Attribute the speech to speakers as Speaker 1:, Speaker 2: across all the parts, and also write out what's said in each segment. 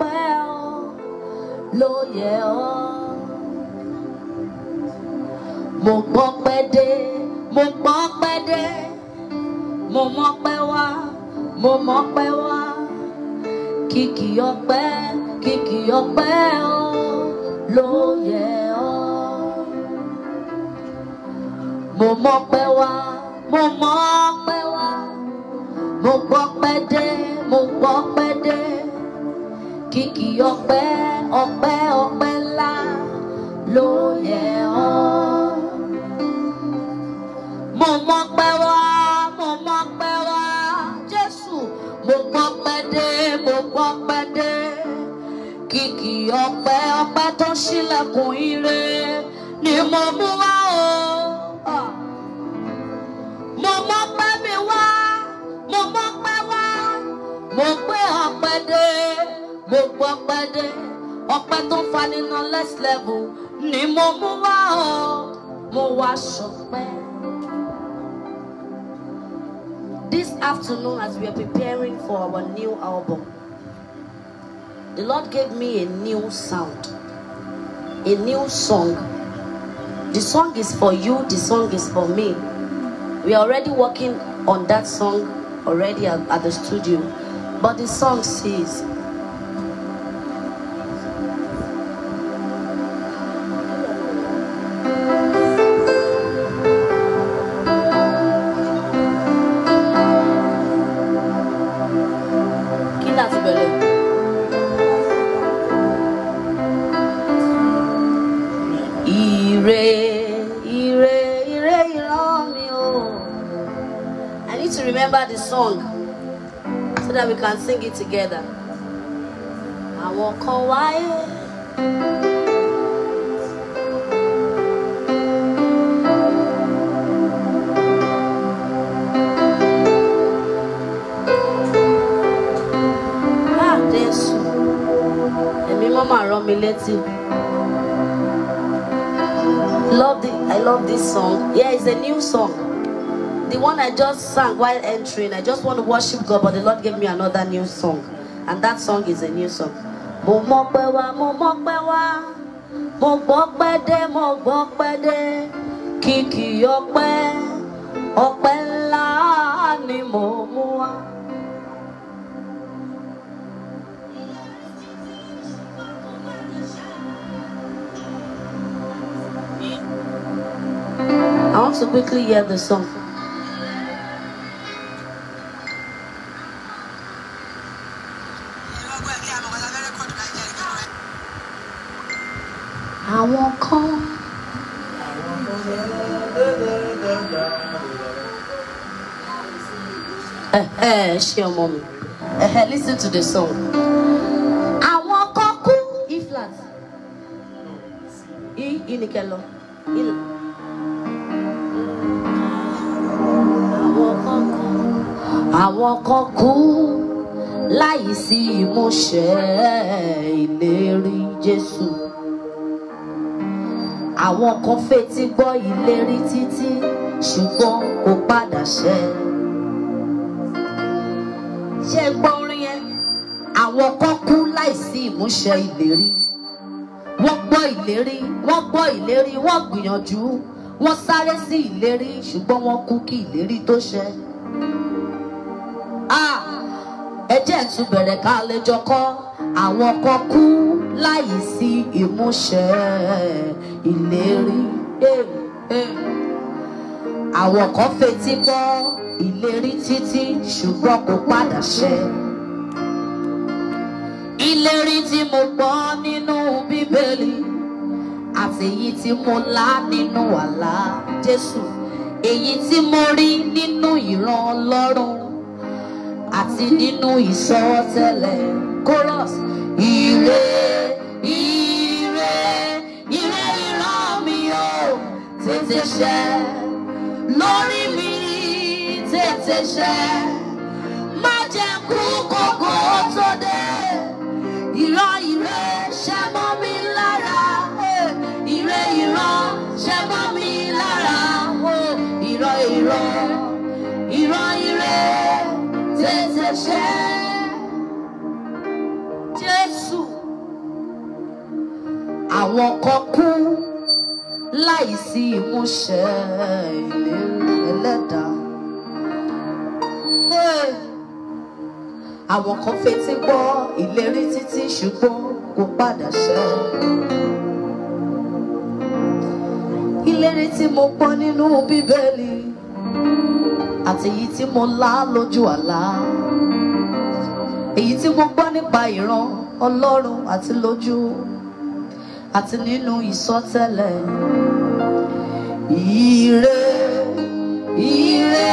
Speaker 1: pẹ́ ọ ló yẹ ọ. mo gbọ́ pẹ́ dé mo gbọ́ pẹ́ dé mo mọ̀ pẹ́ wá mo mọ̀ pẹ́ wá kìkì ọpẹ́ kìkì ọpẹ́ ọ ló ọ. mo mọ̀ pẹ́ wá mo mọ̀ pẹ́ wá mo gbọ́ pẹ́ dé mo gbọ́ pẹ́ dé. Kiki ọpẹ́ ọpẹ́ ọpẹ́ ńlá ló yẹ ọ́. mo mọpẹ́ wá mo mọpẹ́ wá Jésù mo gbọ́pẹ́ dé mo gbọ́pẹ́ dé kìkì ọpẹ́ ọpẹ́ tó ṣílẹ̀kùn ire ni mo mú wá. dé ọpẹ́ tó next level ni mo mú wá o mo wá ṣọpẹ́. This afternoon, as we are preparing for our new album, the Lord gave me a new sound, a new song. The song is for you, the song is for me. We are already working on that song already at, at the studio, but the song says, that we can sing it together. I walk wáyé. Láàdé ah, sùn, ẹ̀mí mọ́mọ́ rán mi létí. Love the, I love this song. Yeah, it's a new song. the one I just sang while entering, I just want to worship God, but the Lord gave me another new song. And that song is a new song. kìkì wá. I want to quickly hear the song. ṣe ọmọ mi. listen to the song. àwọn kan kú E flat E E nìkẹ́ lọ E. àwọn kan kú láì sí ìmúṣẹ ìlérí Jésù àwọn kan fetí gbọ́ ìlérí títí ṣùgbọ́n kò padà ṣẹ ṣe gbọ́ orin yẹn àwọn kan kú láìsí ìmúṣẹ ìlérí wọ́n gbọ́ ìlérí wọ́n gbọ́ ìlérí wọ́n gbìyànjú wọ́n sáré sí ìlérí ṣùgbọ́n wọ́n kú kí ìlérí tó ṣẹ. ẹ jẹ́ tún bẹ̀rẹ̀ ká lè jọ kọ́ àwọn kan kú láì sí ìmúṣẹ ìlérí. àwọn kan fetí gbọ́ ìlérí títí ṣùgbọ́n kò padà ṣẹ. ìlérí tí mo gbọ́ nínú bíbélì àtèyí tí mo lá nínú àlá Jésù èyí tí mo rí nínú ìran Ọlọ́run àti nínú ìsọtẹ́lẹ̀ chorus ire ire ire ìran mi ò ti ṣe má jẹ́ kú kókó tó dé ìran ìre ṣe mọ́ mi lára
Speaker 2: ìre ìran ṣe mọ́ mi lára
Speaker 1: ìran ìran
Speaker 2: ìran ìre
Speaker 1: tètè ṣe. Jésù àwọn kan kú láìsí ìmúṣẹ ìlérí ẹlẹ́dàá gbé àwọn kan fetí gbọ́ ìlérí títí ṣùgbọ́n kò padà ṣẹ. ìlérí tí mo pọ́n nínú bíbélì àti èyí tí mo lá lójú àlá èyí tí mo gbọ́ nípa ìran ọlọ́run àti lójú àti nínú ìsọtẹ́lẹ̀
Speaker 2: ire ire.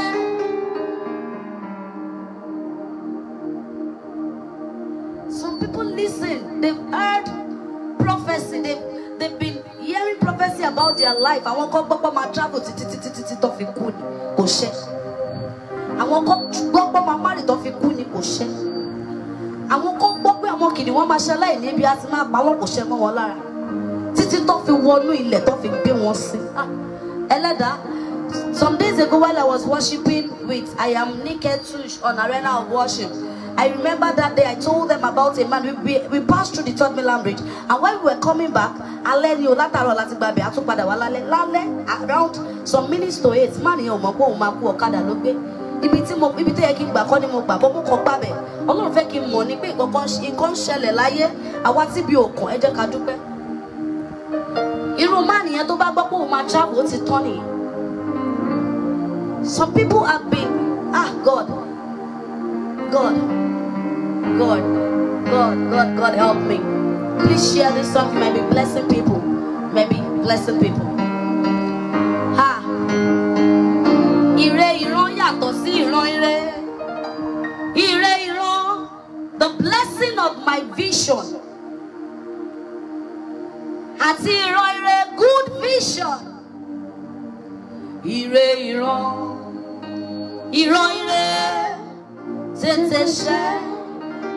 Speaker 1: Listen. they've heard prophecy, they've, they've been hearing prophecy about their life. Àwọn kan gbọ́ pé travel títí títí títí tó fi kú ni kò ṣẹ. Àwọn kan gbọ́ pé máa márì tó fi kú ni kò ṣẹ. Àwọn kan gbọ́ pé àwọn kìnìún wọn máa ṣe aláìní ibi a ti máa ah, Some days ago while I was worshiping with I am Nike Tush on Arena of Worship. I remember that day I told them about a man. We, we, we passed through the third mainland bridge. And when we were coming back, alẹ́ ni o látàárọ̀ láti gba ibẹ̀ àtúpadà wá lálẹ́ lálẹ́ around some minutes to eight man yẹn ò mọ̀ pé òun máa kú ọ̀kadà ló gbé ibi tí mo ibi tó yẹ kí n gbà kọ́ ni mo gbà bọ́ mo kọ́ gbàbẹ̀ ọlọ́run fẹ́ kí n mọ̀ ní pé nǹkan ń ṣẹlẹ̀ láyé àwa tí bí òkàn ẹ jẹ́ ká dúpẹ́ irú man yẹn tó some people have been ah God God, God, God, God, God, help me. Please share this song. Maybe blessing people. Maybe blessing people. Ha! Ire ìran yàtọ̀ sí ìran ire. Ire ìran. The blessing of my vision. Àti ìran ire good vision. Ire ìran. Ìran ire.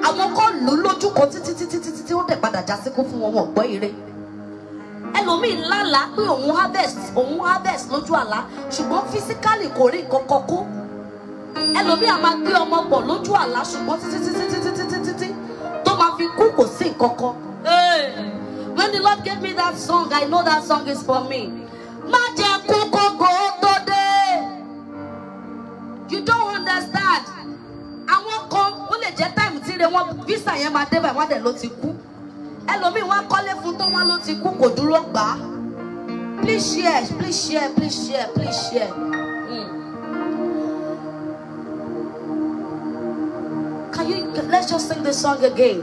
Speaker 1: àwọn kan lù lójú kan títí títí títí tí ó dẹ̀ padà já síkú fún wọn wọn gbọ́ ire ẹlòmíín lálàá pé òun harvest òun harvest lójú àlá ṣùgbọ́n physically kò rí nǹkan kan kó ẹlòmíín a máa gbé ọmọ pọ̀ lójú àlá ṣùgbọ́n títí títí títí títí títí tó máa fi kú kò sí nǹkan kan. When the Lord gave me that song, I know that song is for me. má jẹ́ kú kókó tó dé. You don't understand jẹ́ táìmù tí re wọn visa yẹn máa dé báyìí wọ́n dẹ̀ ló ti kú ẹlòmíì wọ́n kọ́lé fún tó wọ́n ló ti kú kò dúró gbà á please share please share please share please share. Hmm. Can you let's just sing this song again.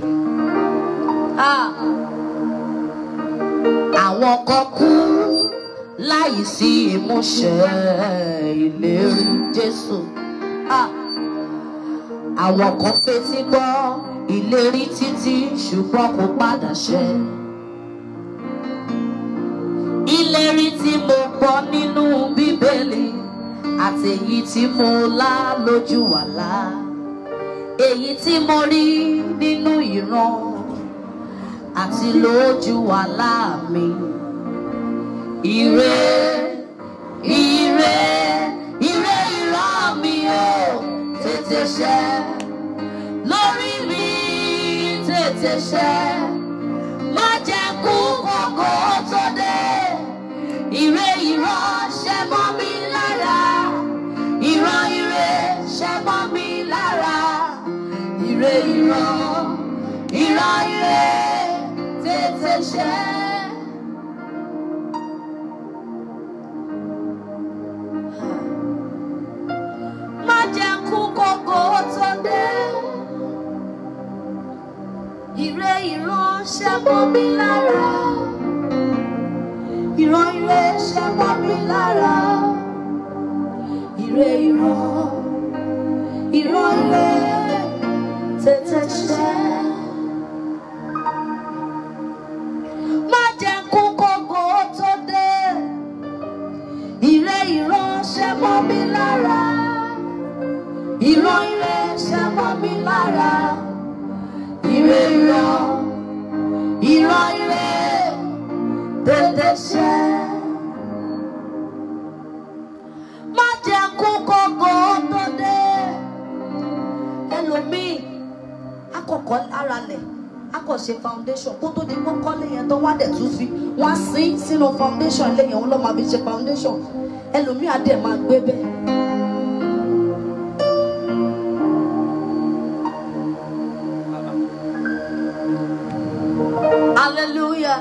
Speaker 1: Ah. Àwọn kan kú láì sí ìmúṣẹ ìlérí Jésù. Ah àwọn kan fetí gbọ́ ìlérí títí ṣùgbọ́n kò padà ṣẹ. ìlérí tí mo gbọ́ nínú bíbélì àtèyí tí mo lá lójú àlá èyí tí mo rí nínú ìran àti lójú àlá mi. Ire, ire, ire ìran mi o. Oh tètè ṣẹ lórí mi tètè ṣẹ má jẹ́ kú kòkó tó dé ire ìránṣẹ́ mọ́ mi lára ìran ire ṣẹ́ mọ́ mi lára ire ìran ìran ire
Speaker 2: tètè ṣẹ. jẹ́ kú kókó tó dé. Ire
Speaker 1: ìran ṣẹ́ mọ́ mi lára. Ìran ire ṣẹ́ mọ́ mi lára. Ire ìran, ìran ire tètè ṣẹ́. Má ìran ṣẹ́ mọ́ mi lára ìró ire ṣe mọ́ mi lára ire ìró ìró ire tètè ṣe. má jẹ́ kó kókó tó dé ẹlòmíì akọ̀kọ̀ ara lẹ̀ akọ̀ṣe foundation kó tó di kó kọ́lé yẹn tó wá dẹ̀ tún fi wá sí sínú foundation lẹ́yìn òun ló máa ṣe foundation ẹlòmíì á dẹ̀ máa gbé bẹ́ẹ̀.
Speaker 2: hallelujah.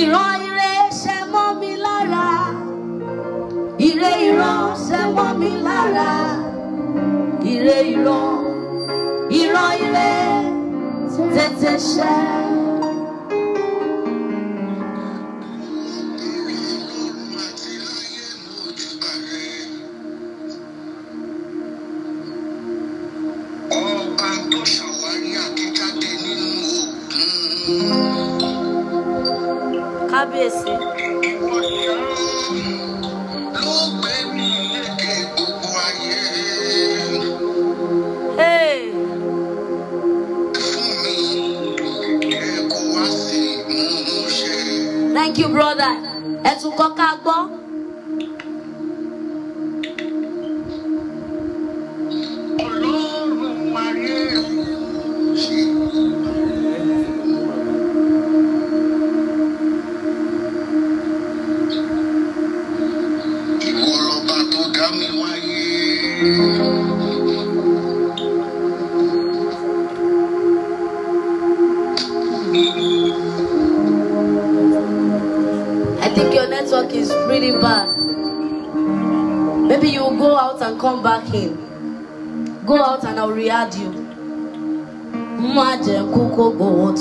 Speaker 2: Ìran
Speaker 1: ire ṣẹ mọ́ mi lára.
Speaker 2: Ire ìran
Speaker 1: ṣẹ mọ́ mi lára. Ire ìran ìran
Speaker 2: ire tètè ṣẹ.
Speaker 1: back in. Go out and I'll re add you. kuko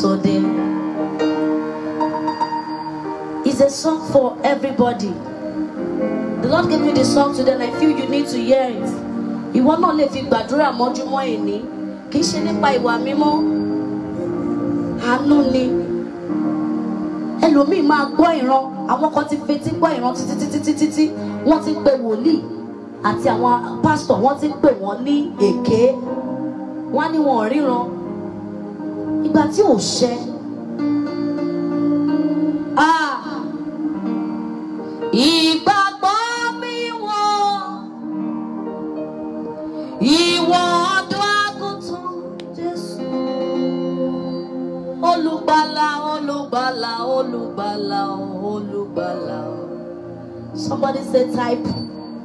Speaker 1: It's a song for everybody. The Lord gave me this song today and I feel you need to hear it. Ìwọ náà lè fi gbàdúrà mọ́júmọ́ ẹ̀ní kì í ṣe nípa ìwà mímọ́ àánú ni ẹlòmíì máa gbọ́ ìran àwọn kan ti fetí gbọ́ ìran títí títí títí wọ́n ti pe wòlíì àti àwọn pásítọ̀ wọ́n ti ń pè wọ́n ní èké wọ́n á ní wọn ríran ìgbà tí ò ṣẹ. ìgbàgbọ́ mi wọ́n ìwọ̀n ọdún àgùntàn Jésù olùgbàlà olùgbàlà olùgbàlà olùgbàlà somebody say type.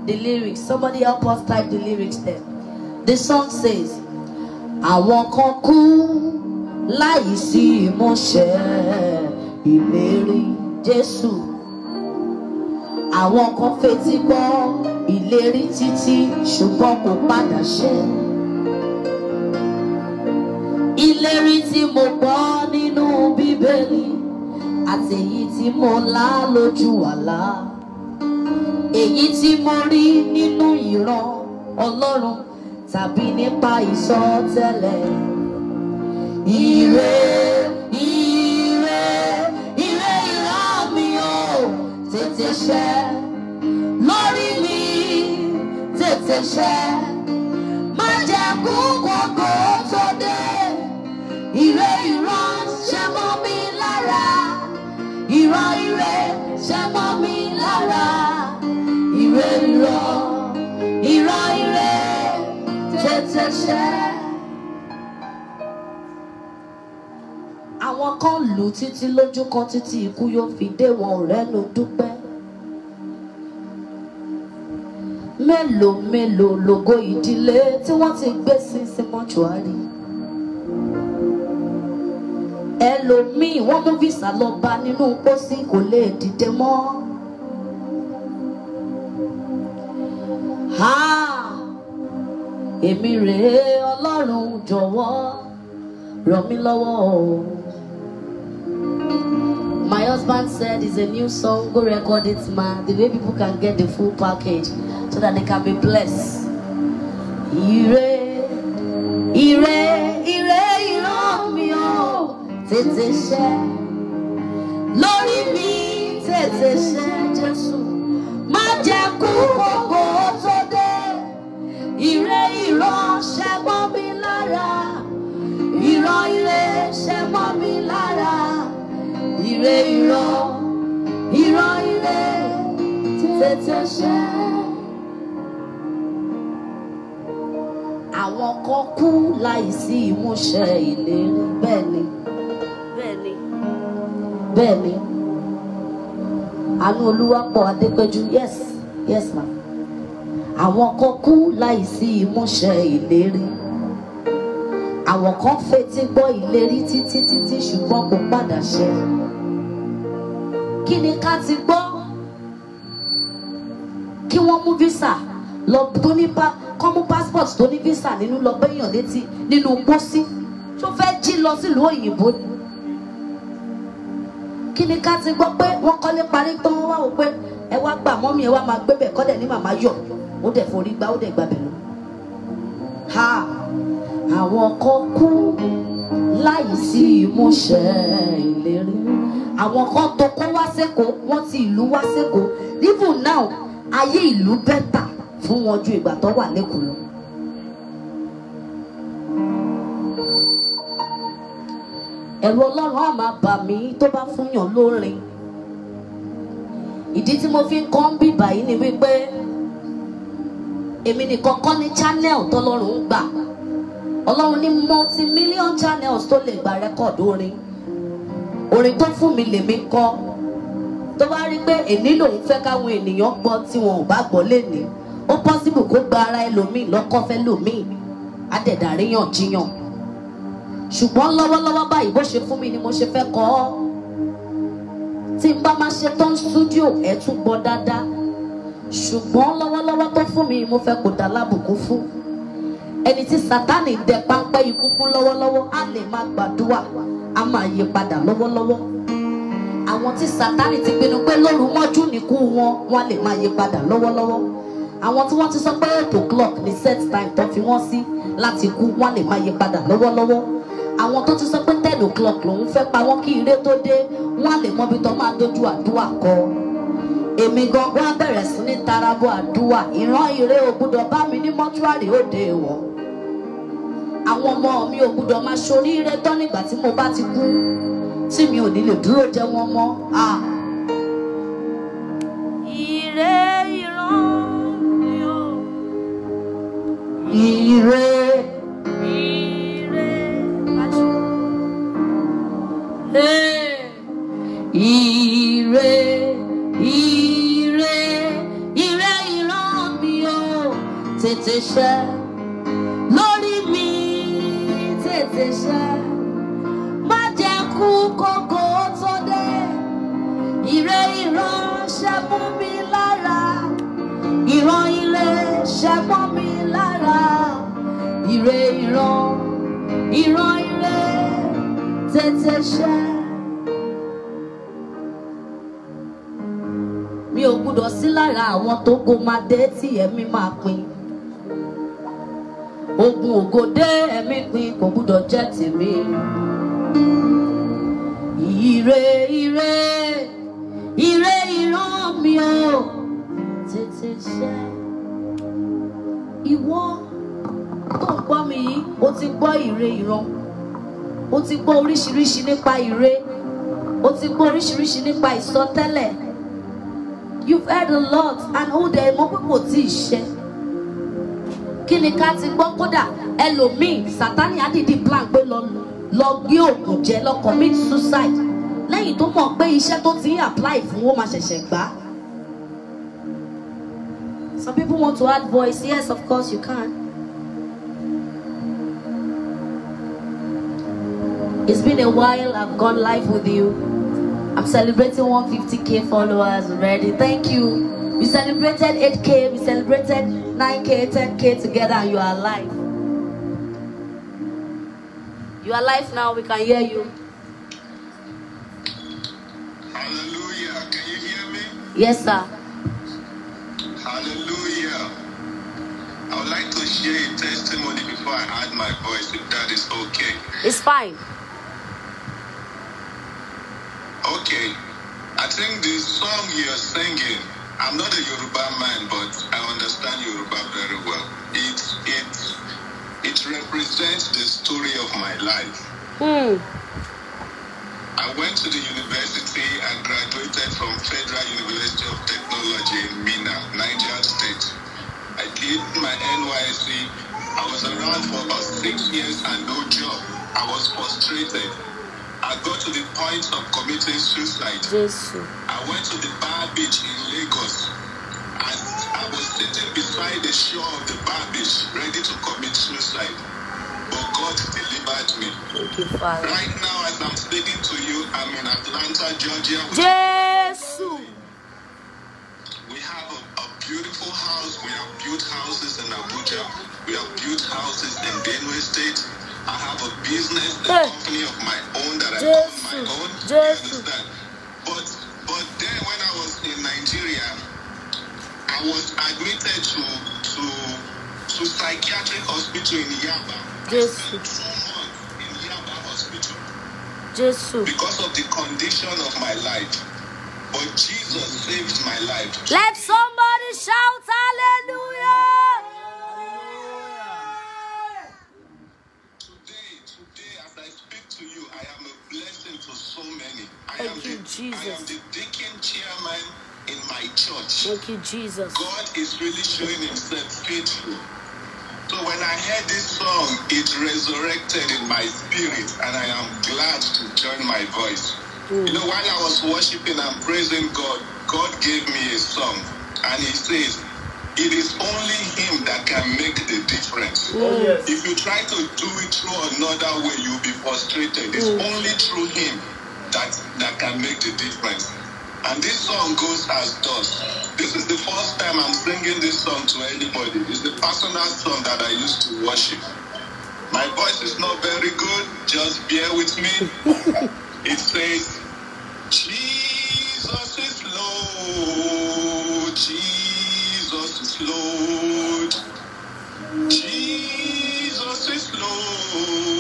Speaker 1: the lyrics. Somebody help us type the lyrics there. The song says, Àwọn kan kú láì sí ìmúṣẹ ìlérí Jésù. Àwọn kan fetí gbọ́ ìlérí títí ṣùgbọ́n ko padà ṣẹ. Ìlérí tí mo gbọ́ nínú Bíbélì àtèyí tí mo lá lójú àlá èyí tí mo rí nínú ìran ọlọ́run tàbí nípa ìsọtẹ́lẹ̀. Ire ire ire ìlà mi ò tètè ṣẹ lórí mi
Speaker 2: tètè ṣẹ má jẹ́ kú kókó tó dé ire ìran ṣẹ mọ́ mi lára ìran ire ṣẹ mọ́ mi lára.
Speaker 1: àwọn kan lù títí lójú kan títí ikú yóò fi dé wọn rẹ́nu dúpẹ́ mélòó mélòó lògo ìdílé tí wọ́n ti gbé sí sí mọ́ṣúárì ẹlòmíì wọ́n mú fìsà lọ bá nínú pósí kò lè dìde mọ́. Ha! èmi re ọlọ́run jọ̀wọ́ ràn mí lọ́wọ́ My husband said it's a new song, go record it man, the way people can get the full package so that they can be blessed. Ire, ire, ire, ìran mi o, tètè ṣẹ́. Lórí mi tètè ṣẹ́ Jésù, má jẹ́ kú kókó. ilé ìran ìran ilé tètè ṣẹ. àwọn kan kú láìsí ìmúṣẹ ìlérí bẹ́ẹ̀ ni bẹ́ẹ̀ ni àánú olúwapọ̀ adépẹ́jú yes yes ma àwọn kan kú láìsí ìmúṣẹ ìlérí àwọn kan fetí gbọ́ ìlérí títí títí ṣùgbọ́n kò padà ṣẹ kí ni ká ti gbọ́ kí wọ́n mú visa lọ tó ní pa kọ́ mú passport tó ní visa nínú lọ bẹ́yàn létí nínú pósí tó fẹ́ jí lọ sílùú òyìnbó ni kí ni ká ti gbọ́ pé wọ́n kọ́lé parí tán wọ́n wá wò pé ẹ wá gbà mọ́mí ẹ wá máa gbé bẹ̀ kọ́dẹ̀ ní màmá yọ̀ ó dẹ̀ forí gbá ó dẹ̀ gbàbẹ̀ lọ. ha àwọn kan kú láì sí ìmúṣẹ ìlérí àwọn kan tó kó wá sẹ́kọ̀ọ́ wọ́n ti ìlú wá sẹ́kọ̀ọ́ even now ayé ìlú bẹ́tà fún wọn ju ìgbà tó wà lẹ́kọ̀ọ́ lọ. ẹ̀rù ọlọ́run á máa bà mí tó bá fúnyàn lórin ìdí tí mo fi ń kọ́ ń bì báyìí ni wípé èmi nìkan kọ́ ni channel tọ́lọ́run gbà ọlọ́run ní multi-million channels tó lè gba rẹ́kọ̀dù orin orin tó fún mi lèmi kọ tó bá rí pé èní lòun fẹ́ káwọn ènìyàn gbọ́ tí wọn ò bá gbọ́ lẹ́ni ó pọ́sibù kó gba ara ẹlòmíì lọ́kọ́fẹ́ lòmíì adẹ̀dàríyàn jiyàn ṣùgbọ́n lọ́wọ́lọ́wọ́ báyìí bó ṣe fún mi ni mo ṣe fẹ́ kọ ọ́ tí n bá máa ṣe tán stúdíò ẹ̀ tún gbọ́ dáadáa ṣùgbọ́n lọ́wọ́lọ́wọ́ tó fún mi mo fẹ́ kó dá lábùkún fún ẹni tí Sátánì dẹ páńpẹ́ ikú fún lọ́wọ́lọ́wọ́ á lè máa gbàdúrà á máa yí padà lọ́wọ́lọ́wọ́ àwọn tí Sátánì ti pinnu pé lóru mọ́jú nìkú wọn wọn lè máa yí padà lọ́wọ́lọ́wọ́ àwọn tí wọ́n ti sọ pé eight o'clock ni set time tó fi wọ́n sí láti kú wọn lè máa yí padà lọ́wọ́lọ́wọ́ àwọn tó ti sọ pé ten o'clock lòún fẹ́ pa wọ́n kí ire tó dé wọ́n lè mọ ibi tó máa dojú àdúrà kọ èmi gangan bẹ̀rẹ̀ sí ní tarabọ àdúrà ìran ire ò gbúdọ̀ bá mi ní mọ́túárì òde ìwọ̀n àwọn ọmọ mi ò gbúdọ̀ máa ṣoríire tán nígbà tí mo bá ti kú tí mi ò ní lè dúró jẹ wọ́n mọ́. ire ìran mi ò. ire. ire. ire. ire. ire ìran mi tètè ṣẹ́. ṣeṣẹ́ má jẹ́ kú kókó tó dé ìre ìránṣẹ́ mú mi lára ìran ire ṣẹ́gbọ́n mi lára ìre ìran ìran ire tètè ṣẹ́. mi ò gbúdọ̀ sí lára àwọn tó kó máa dé tí ẹ̀mí máa pin ogun ògo dé ẹ̀mí pin kò gbúdọ̀ jẹ́ tèmi. Ire ire ire ìran mi o tètè ṣe ìwọ tó ń gbọ́ mi yìí o ti gbọ́ ire ìran o ti gbọ́ oríṣiríṣi nípa ire o ti gbọ́ oríṣiríṣi nípa ìsọtẹ́lẹ̀ you've heard a lot and ó dẹ̀ mọ́ pé kò ṣe kí ni ká ti gbọ́ kódà ẹlòmíì sátani àdìdì plan pé lọ lọ gbé òògùn jẹ lọ commit suicide lẹ́yìn tó mọ̀ pé iṣẹ́ tó ti ń apply fún ó máa ṣẹ̀ṣẹ̀ gbà. Some people want to add voice yes of course you can. It's been a while I've gone live with you. I'm celebrating 150k followers already. Thank you. We celebrated 8K, we celebrated 9K, 10K together, and you are alive. You are alive now, we can hear you. Hallelujah, can you hear me? Yes, sir. Hallelujah. I would like to share a testimony before I add my voice, if that is okay. It's fine.
Speaker 3: Okay. I think the song you're singing I'm not a Yoruba man, but I understand Yoruba very well. It it it represents the story of my life. Mm. I went to the university and graduated from Federal University of Technology in Mina, Niger State. I did my NYC. I was around for about six years and no job. I was frustrated. I got to the point of committing suicide. Jesus. I went to the bar beach in Lagos. And I was sitting beside the shore of the bar beach, ready to commit suicide. But God delivered me. Thank you, Father. Right now, as I'm speaking to you, I'm in Atlanta, Georgia.
Speaker 1: Jesus.
Speaker 3: We have a, a beautiful house. We have built houses in Abuja. We have built houses in Benue State. I have a business, a company of my own that I own
Speaker 2: my own. Jesus.
Speaker 3: But but then when I was in Nigeria, I was admitted to to to psychiatric hospital in Yaba. Jesus. two months in Yaba hospital. Jesus. Because of the condition of my life. But Jesus saved my life. Let
Speaker 1: somebody shout hallelujah!
Speaker 3: so many. I Thank you, the, Jesus. I am the deacon chairman in my church. Thank you, Jesus. God is really showing himself faithful. So when I heard this song, it resurrected in my spirit, and I am glad to join my voice. Mm. You know, while I was worshiping and praising God, God gave me a song, and He says, "It is only Him that can make the difference. Mm. Oh, if you try to do it through another way, you'll be frustrated. It's mm. only through Him." that that can make the difference. And this song goes as thus. This is the first time I'm singing this song to anybody. It's the personal song that I used to worship. My voice is not very good, just bear with me. it says, Jesus is Lord, Jesus is Lord, Jesus is Lord.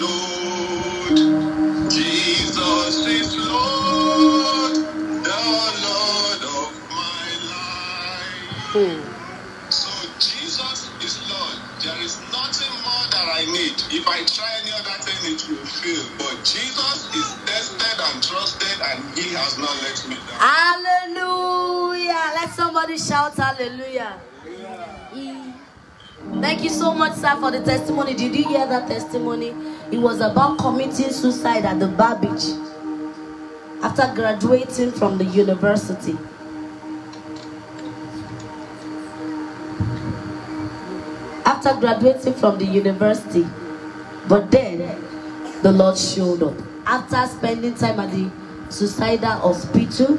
Speaker 3: Lord. Jesus is Lord, the Lord of my life. Hmm. So Jesus is Lord. There is nothing more that I need. If I try any other thing, it will fail. But Jesus is tested and trusted, and He has not let me down.
Speaker 1: Hallelujah! Let somebody shout hallelujah. Thank you so much, sir, for the testimony. Did you hear that testimony? It was about committing suicide at the bar beach after graduating from the university. After graduating from the university, but then the Lord showed up. After spending time at the suicidal hospital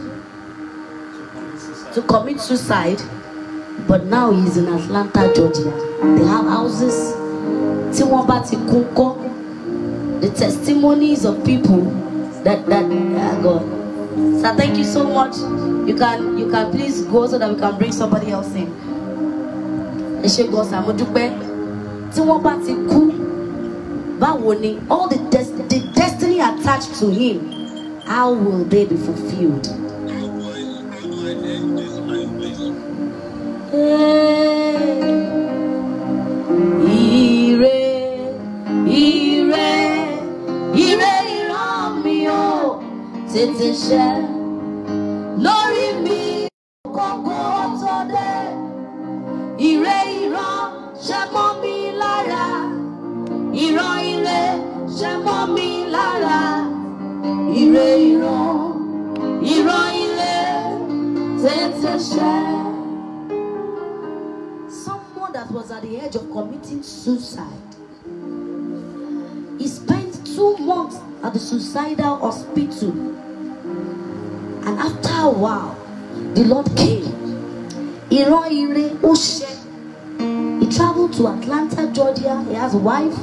Speaker 1: to commit suicide, but now he's in Atlanta, Georgia. They have houses. Tiwambati Kunko. The testimonies of people that that uh, God. So thank you so much. You can you can please go so that we can bring somebody else in. Ẹ ṣé gan sa mo dúpẹ́ tí wọ́n bá ti won ba all the des the destiny attached to him how will they be fulfilled? tètè ṣẹ lórí mi kókó tó dé ire ìran ṣẹ mọ́ mi lára ìran ire ṣẹ mọ́ mi lára ire ìran ìran ire tètè ṣẹ. was at the edge of committing suicide. He spent two months at the suicidal hospital. And after a while, the Lord came. Iroire He traveled to Atlanta, Georgia. He has a wife,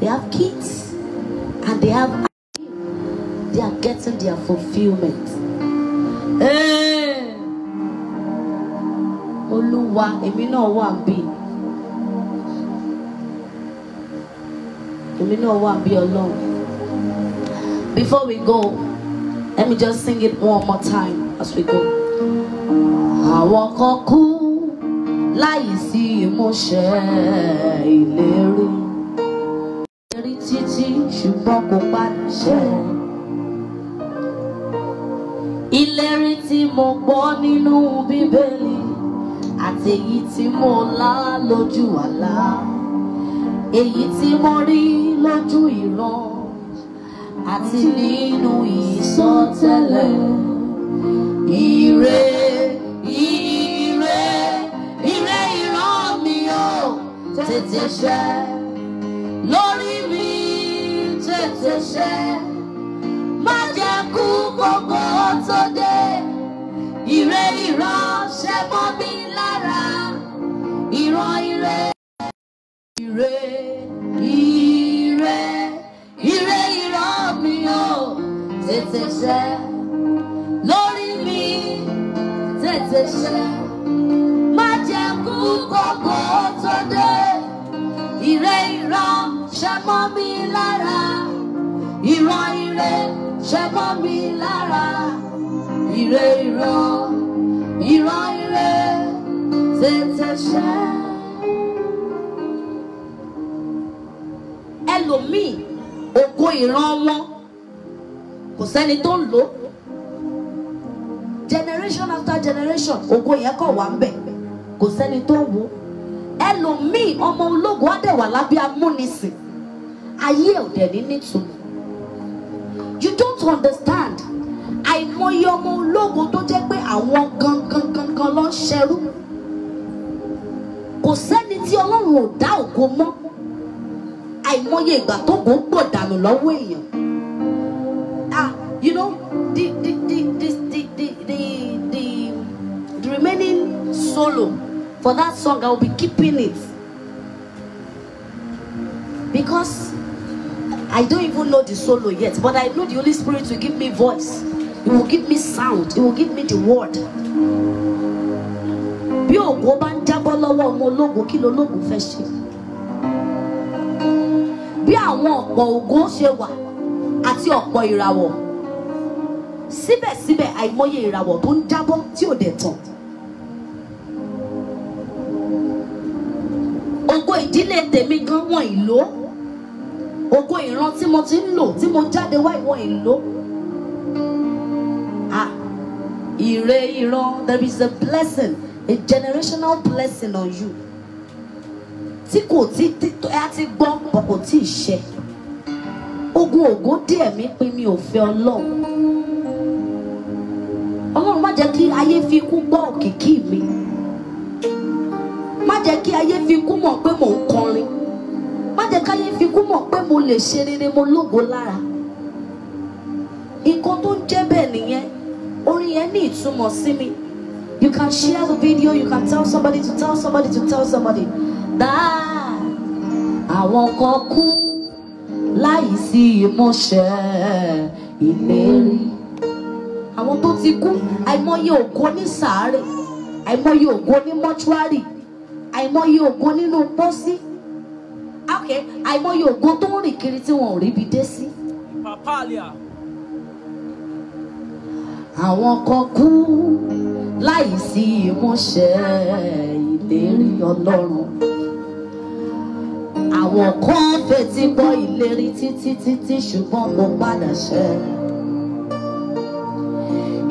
Speaker 1: they have kids, and they have they are getting their fulfillment. Hey! Oluwa, èmi no wà be. èmi náà wà bí ọlọ́run. Before we go, let me just sing it one more time as we go. Àwọn kan kú láì sí ìmúṣẹ ìlérí. Ìlérí títí ṣùgbọ́n kò padà ṣẹ. Ìlérí tí mo gbọ́ nínú Bíbélì àtèyí tí mo lá lójú àlá èyí tí mo rí lójú ìran àti nínú ìsọtẹ́lẹ̀ ire ire ire ìran mi ò tètè ṣẹ lórí mi tètè ṣẹ má jẹ́ kú gbogbo tó dé ire ìran ṣẹ mọ́
Speaker 2: mi lára ìran ire ire.
Speaker 1: tètè ṣẹ lórí mi tètè ṣẹ má jẹ́ kú kókó tó dé ire ìran ṣẹ mi lára ìran ire ṣẹ mi lára ire ìran ìran ire tètè ṣẹ. ẹlòmíì ògo ìran wọn kò sẹ́ni tó ń lò generation after generation ògo yẹn kọ̀ wá ń bẹ̀ kò sẹ́ni tó ń wò ẹlòmíì ọmọ ológun adẹ̀wà lábẹ́ amúnisìn ayé ò dẹ̀ ní nítumọ̀ you don't understand àìmọye ọmọ ológun tó jẹ́ pé àwọn gangan gangan ló ń ṣerú kò sẹ́ni tí ọlọ́run ò dá ògo mọ́ àìmọye ìgbà tó kò ń gbọ̀dànù lọ́wọ́ èèyàn. you know, the, the, the, the, the, the, the, the remaining solo for that song, I will be keeping it. Because I don't even know the solo yet, but I know the Holy Spirit will give me voice. It will give me sound. It will give me the word. Bí àwọn ọ̀pọ̀ ògo ṣe wà àti ọ̀pọ̀ ìràwọ̀. síbẹ̀síbẹ̀ àìmọye ìràwọ̀ tó ń jábọ́ tí ò dẹ̀ tàn. ògo ìdílé tèmi gan wọn ìlò ògo ìran tí mo ti ń lò tí mo jáde wá ìwọ̀n ìlò. ah ìran there is a blessing a generational blessing on you tí kò tí ẹ ti gbọ́ pọ̀ kò tí ì ṣe ogun ògo díẹ̀ mi pé mi ò fẹ́ ọlọ́run ọlọ́run má jẹ́ kí ayé fi ikú gbọ́ òkìkí mi má jẹ́ kí ayé fi ikú mọ̀ pé mò ń kọrin má jẹ́ kí ayé fi ikú mọ̀ pé mo lè ṣe rere mo lógo lára nǹkan tó ń jẹ́ bẹ́ẹ̀ nìyẹn orin yẹn ní ìtumọ̀ sí mi you can share the video you can tell somebody to tell somebody to tell somebody that àwọn kan kú láì sí ìmúṣẹ ìlérí àwọn tó ti kú àìmọye ògo ní sàárè àìmọye ògo ní mọ́túárì àìmọye ògo nínú pósí àìmọye ògo tó ń rìn kiri tí wọn ò ríbi dé sí. àwọn kan kú láì sí ìmúṣẹ ìlérí ọlọ́run àwọn kan fetí gbọ́ ìlérí títí títí ṣùgbọ́n mo padà ṣẹ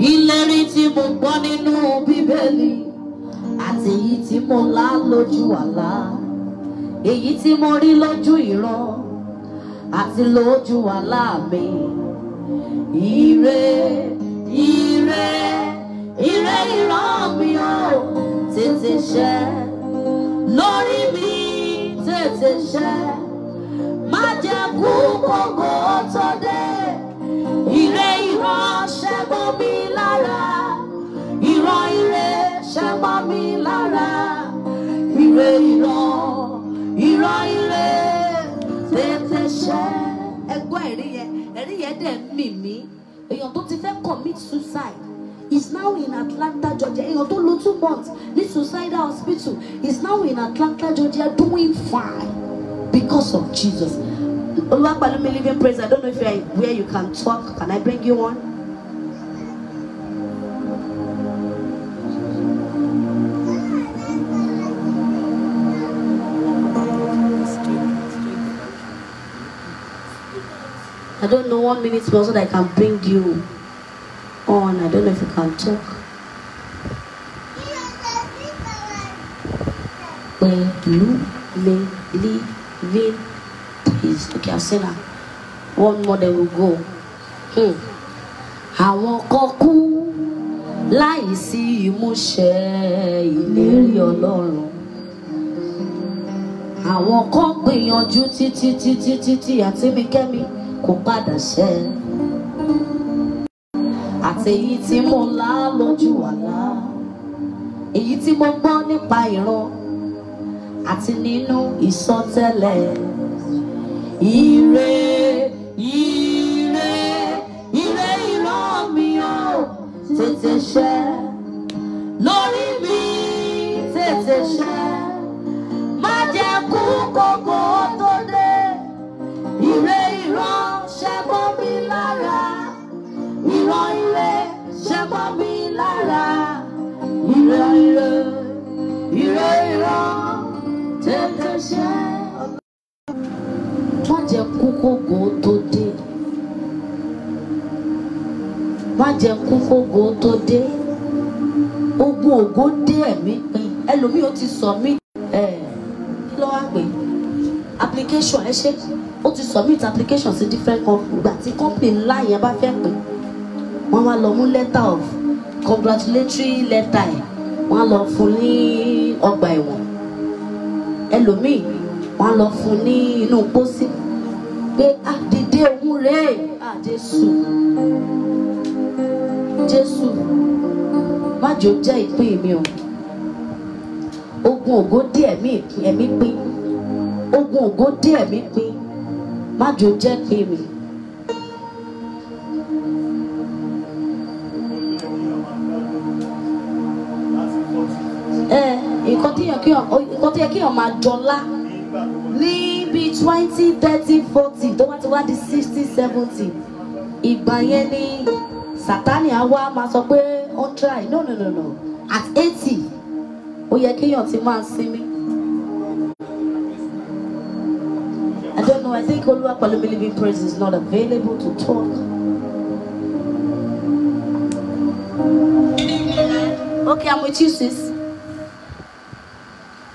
Speaker 1: ìlérí tí mo gbọ́ nínú bíbélì àti èyí tí mo lá lójú àlá èyí tí mo rí lójú ìran àti lójú àlá mi ire ire ire ìran mi ò tètè ṣẹ lórí mi tètè ṣẹ má jẹ́ kú gbogbo tó dé ìran ṣẹ́gbọ́ mi lára ìran ire ṣẹ́gbọ́ mi lára ire ìran ìran ire tètè ṣẹ́. ẹgbọ́n ẹ̀rí yẹn ẹ̀rí yẹn dẹ̀ ń mì mí èèyàn tó ti fẹ́ commit suicide is now in Atlanta, Georgia. Èèyàn tó lò two months ní suicidal hospital is now in Atlanta, Georgia doing fine because of Jesus. Olakbalumi Living Praise, I don't know if you're where you can talk. Can I bring you on? I don't know one minute more so that I can bring you on. I don't know if you can talk. you Pẹ̀lú live in? please okay i've seen her one more they will go hmm àwọn kan kú láì sí ìmúṣẹ ìlérí ọlọ́run àwọn kan gbìyànjú títí títí títí àti mikẹ́mi kò padà ṣẹ àtẹ̀yí tí mo lá lójú àlá èyí tí mo gbọ́ nípa ìran àti nínú ìsọtẹ́lẹ̀ ire ire ire ìran mi o tètè ṣẹ lórí mi tètè ṣẹ má jẹ́
Speaker 2: kú kókó
Speaker 1: tó dé ire ìran ṣẹ mọ́ mi lára ìran ire ṣẹ mọ́ mi lára ire ire
Speaker 2: ire ìran
Speaker 1: tètè ṣẹ kógo tó dé má jẹ́ kú kógo tó dé ogun ògo dé ẹ̀mí pin ẹlòmíì ó ti sọ mí ẹ̀ kí ló wá pé application ẹ ṣe ó ti submit application sí different company ìgbà tí company ńlá yẹn bá fẹ́ pè wọ́n wá lọ mú letter of congratulatory letter ẹ̀ wọ́n á lọ fún ní ọgbà ẹ̀wọ̀n ẹlòmíì wọ́n á lọ fún ní inú pósí pé àdìdé òun rèé à ah, Jésù Jésù májò jẹ́ ìpín mi o ogun ògo dé ẹ̀mí ẹ̀mí pín ogun ògo dé ẹ̀mí pín májò jẹ́ pín mi. nǹkan tí yẹ kí máa jọlá ní níbi twenty thirty forty Don't bá ti wá di sixty seventy ìgbà yẹn ni sátani àwa máa sọ try no no no no at eighty ó yẹ kéèyàn ti máa sinmi. I don't know I think Oluwapalomi living praise is not available to talk. Okay, I'm with you, sis.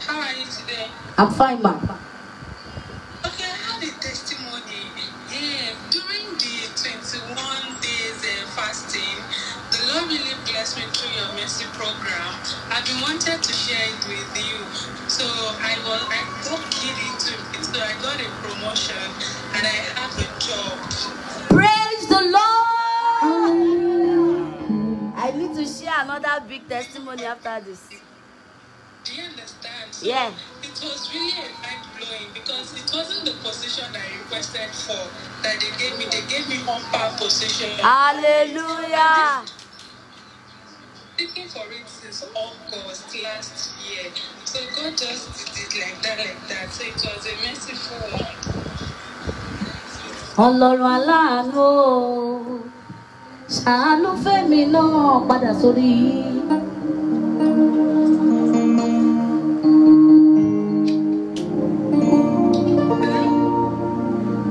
Speaker 1: How are you today? I'm fine,
Speaker 3: ma'am. blessed me through your mercy program. I've been wanted to share it with you. So I was I got kid into it. So I got a promotion and I have a job.
Speaker 1: Praise the Lord! I need to share another big testimony after this.
Speaker 3: Do you understand? So yeah. It was really a mind blowing because it wasn't the position I requested for that they gave me. They gave me on par position. Hallelujah speaking for it since August last year. So God just did it like that, like that. So it was a merciful one.
Speaker 1: Ọlọ́run aláàánú ṣàánú fẹ́mi náà padà sórí yìí.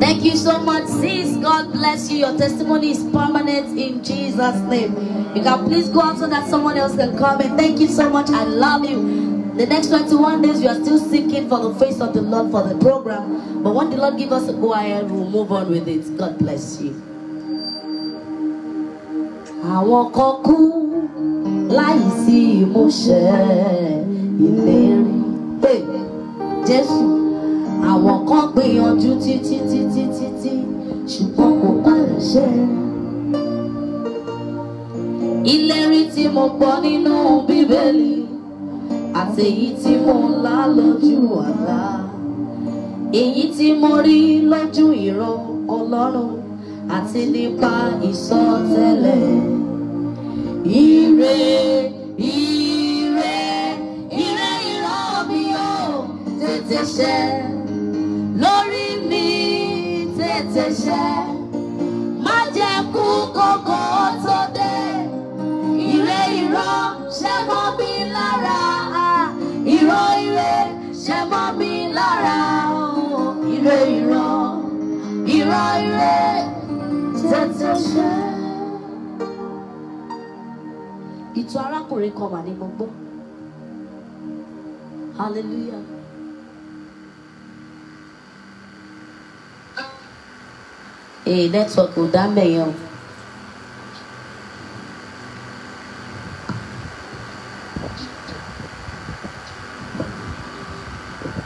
Speaker 1: Thank you so much, sis. God bless you. Your testimony is permanent in Jesus' name. You can please go out so that someone else can come. And thank you so much. I love you. The next 21 days, we are still seeking for the face of the Lord for the program. But when the Lord give us a go ahead, we'll move on with it. God bless you. I àwọn kan kú láì sí ìmúṣẹ ìlérí jésù. àwọn kan gbìyànjú títí títí títí ṣùgbọ́n kò padà ṣe ìlérí tí mo gbọ́ nínú bíbélì àtèyí tí mo ń lá lójú àlá èyí tí mo rí lójú ìran ọlọ́run àti nípa ìsọtẹ́lẹ̀ ire ire ire ìran mi ò tètè ṣẹ lórí mi tètè ṣẹ má jẹ́ kú kókó tó dé ire irọ́ ṣe mọ́ mi lára irọ́ ire ṣe mọ́ mi lára ire irọ́ irọ́ ire tètè ṣẹ. ìtọ̀ arákùnrin kan wà ní gbogbo hallelujah. ee network ò dá mbẹ̀ yẹn o.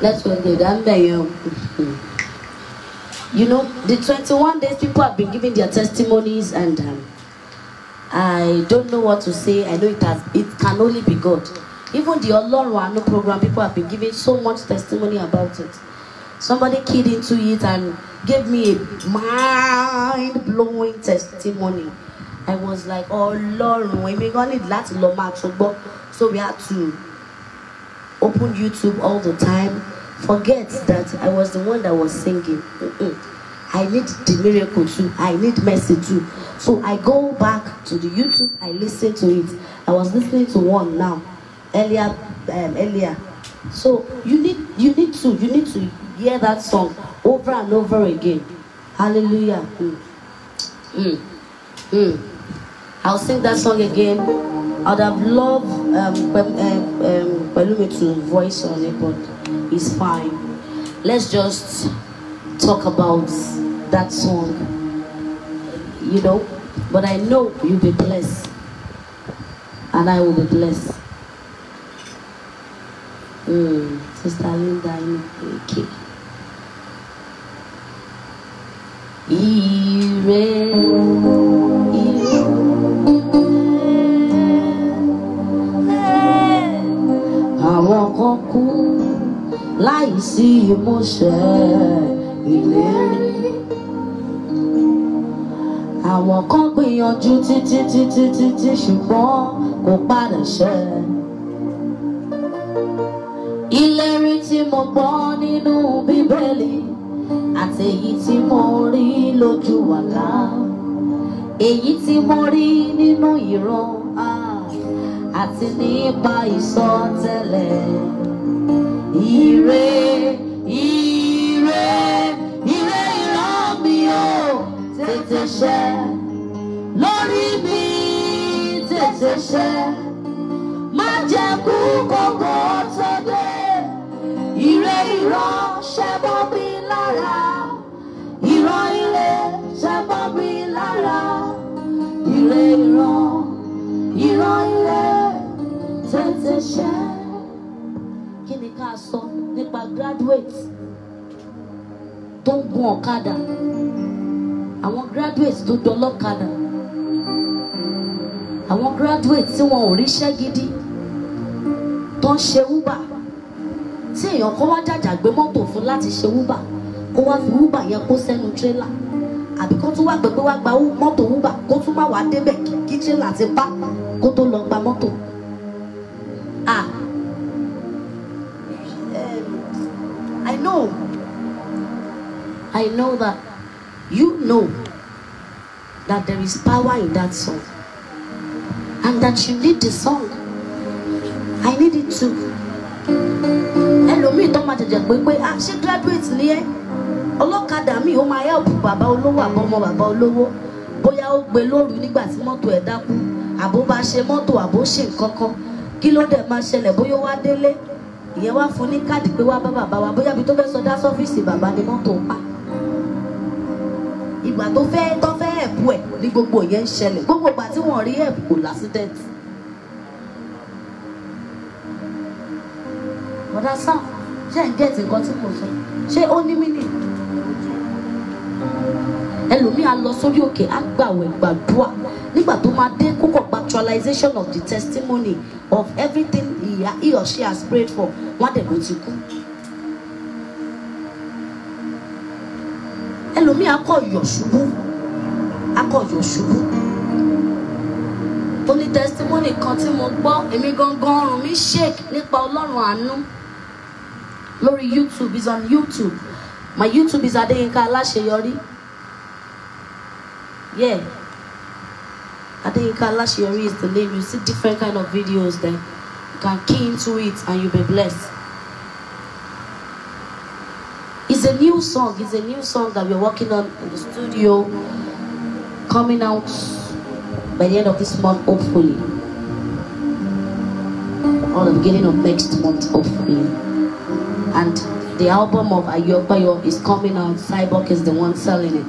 Speaker 1: network ò dá You know, the 21 days people have been giving their testimonies and um, I don't know what to say. I know it has it can only be God. Even the Olorun Anu program people have been giving so much testimony about it. Somebody keyed into it and gave me a mind-blowing testimony. I was like, oh Lord, we gonna need that loma So we had to open YouTube all the time. Forget that I was the one that was singing. Mm -mm. I need the miracle too. I need mercy too. So I go back to the YouTube. I listen to it. I was listening to one now earlier. Um, earlier. So you need you need to you need to hear that song over and over again. Hallelujah. Mm. Mm. Mm. I'll sing that song again. I'd have loved um, um, um, to voice on it, but it's fine. Let's just talk about that song, you know. But I know you'll be blessed, and I will be blessed. Mm, Sister Linda, okay. láìsí ìmúṣẹ ìlérí. àwọn kan gbìyànjú títí títí títí ṣùgbọ́n kò padà ṣẹ. ìlérí tí mo gbọ́ nínú bíbélì àtẹ̀yí tí mo rí lójú àlá èyí tí mo rí nínú ìran àti nípa ìsọtẹ́lẹ̀ ire
Speaker 2: ire ire ìran mi ò tètè ṣẹ lórí mi tètè ṣẹ má jẹ́ kú kókó tó dé ire ìran
Speaker 1: ṣẹ bọ́ mi lára ìran ire ṣe bọ́ mi lára ire ìran ìran ire tètè ṣe. kí ni ká sọ nípa graduate tó ń gun ọ̀kadà àwọn graduate tó dọlọ́kadà àwọn graduate tí wọn ò ríṣẹ́ gidi tó ń ṣe wúbà tí èèyàn kan wá jàjà gbé mọ́tò fún láti ṣe wúbà kó wá fi wúbà yẹn kó sẹ́nu tírélà àbí kó tún wá gbẹgbẹ wá gba mọ́tò wúbà kó tún má wá débẹ̀ kí tírélà ti bá kó tó lọ gba mọ́tò. I know I know that you know that there is power in that song and that you need the song I need it too ẹlòmíì tó máa jẹjẹ pé pé ah ṣé graduate ni ẹ. Eh? ọlọ́kadà mi ò máa help bàbá olówó àbọ̀mọ bàbá olówó bóyá ó gbé lóru nígbà tí mọ́tò ẹ̀ dákú àbó bá ṣe mọ́tò àbó ṣe nǹkan kí ló dẹ̀ máa ṣẹlẹ̀ bóyá wá délé ìyẹn wá fún ní káàdì pé wá bá bàbá wa bóyá ibi tó fẹ́ sọdá sọ́fíìsì bàbá ni mọ́tò ń pa ìgbà tó fẹ́ tó fẹ́ ẹ̀bù ẹ̀ ní gbogbo ìyẹn ń ṣẹlẹ̀ gbogbo ìgbà tí wọ́n rí ẹ̀bù kò lásídẹ̀ǹtì. bọ̀dá sáà ṣé ń gẹ̀ẹ́tì nǹkan tí mo sọ ṣé ó ní mí nìyí ẹlòmíà lọ sórí òkè àgbàwẹ̀ gbàdúrà nígbà tó máa dé kókò gba actualization of the testimony of everything he, he or she has prayed for wọ́n á dẹ̀ ló ti kú. ẹlòmíì akọ yọ ṣubú akọ yọ ṣubú ó ní testimony kan tí mo gbọ́ èmi gangan ọrùn mi shake nípa ọlọ́run àánú lórí YouTube is on YouTube My YouTube is Adeyinka Alaseyori. Yeah. Adeyinka Alaseyori is the name. You see different kind of videos there. You can key into it and you'll be blessed. It's a new song. It's a new song that we're working on in the studio. Coming out by the end of this month, hopefully. Or the beginning of next month, hopefully. And The album of Ayobayo is coming out. Cyborg is the one selling it.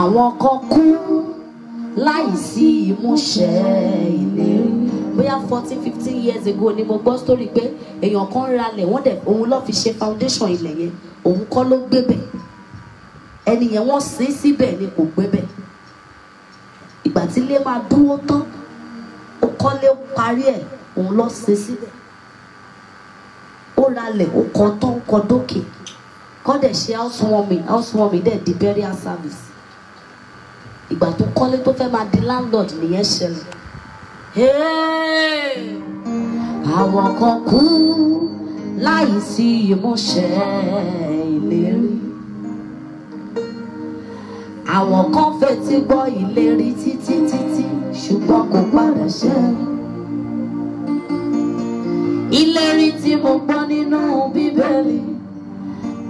Speaker 1: Àwọn kan kú láìsí ìmúṣẹ ìlérí. Bóyá fourteen fifteen years ago ni mo gbọ́ sórí pé èèyàn kan ralẹ̀ wọ́n dẹ̀ òun lọ́ọ́ fi ṣe foundation ilẹ̀ yẹn òun kọ́ ló gbébẹ̀ ẹni yẹn wọ́n sin síbẹ̀ ni kò gbébẹ̀ ìgbà tí ilé máa dúró tán ó kọ́lé parí ẹ̀ òun lọ́ọ́ sin síbẹ̀ ó ralẹ̀ ó kọ́ tó ń kọ́ dókè kọ́ dẹ̀ ṣe housewarming housewarming dẹ̀ di burial service ìgbà tó kọ́lé tó fẹ́ máa di landlord nìyẹn ṣẹlẹ̀. àwọn kan kú láì sí ìmúṣẹ ìlérí àwọn kan fetí gbọ́ ìlérí títí títí ṣùgbọ́n kò padà ṣẹ ìlérí tí mo gbọ́ nínú bíbélì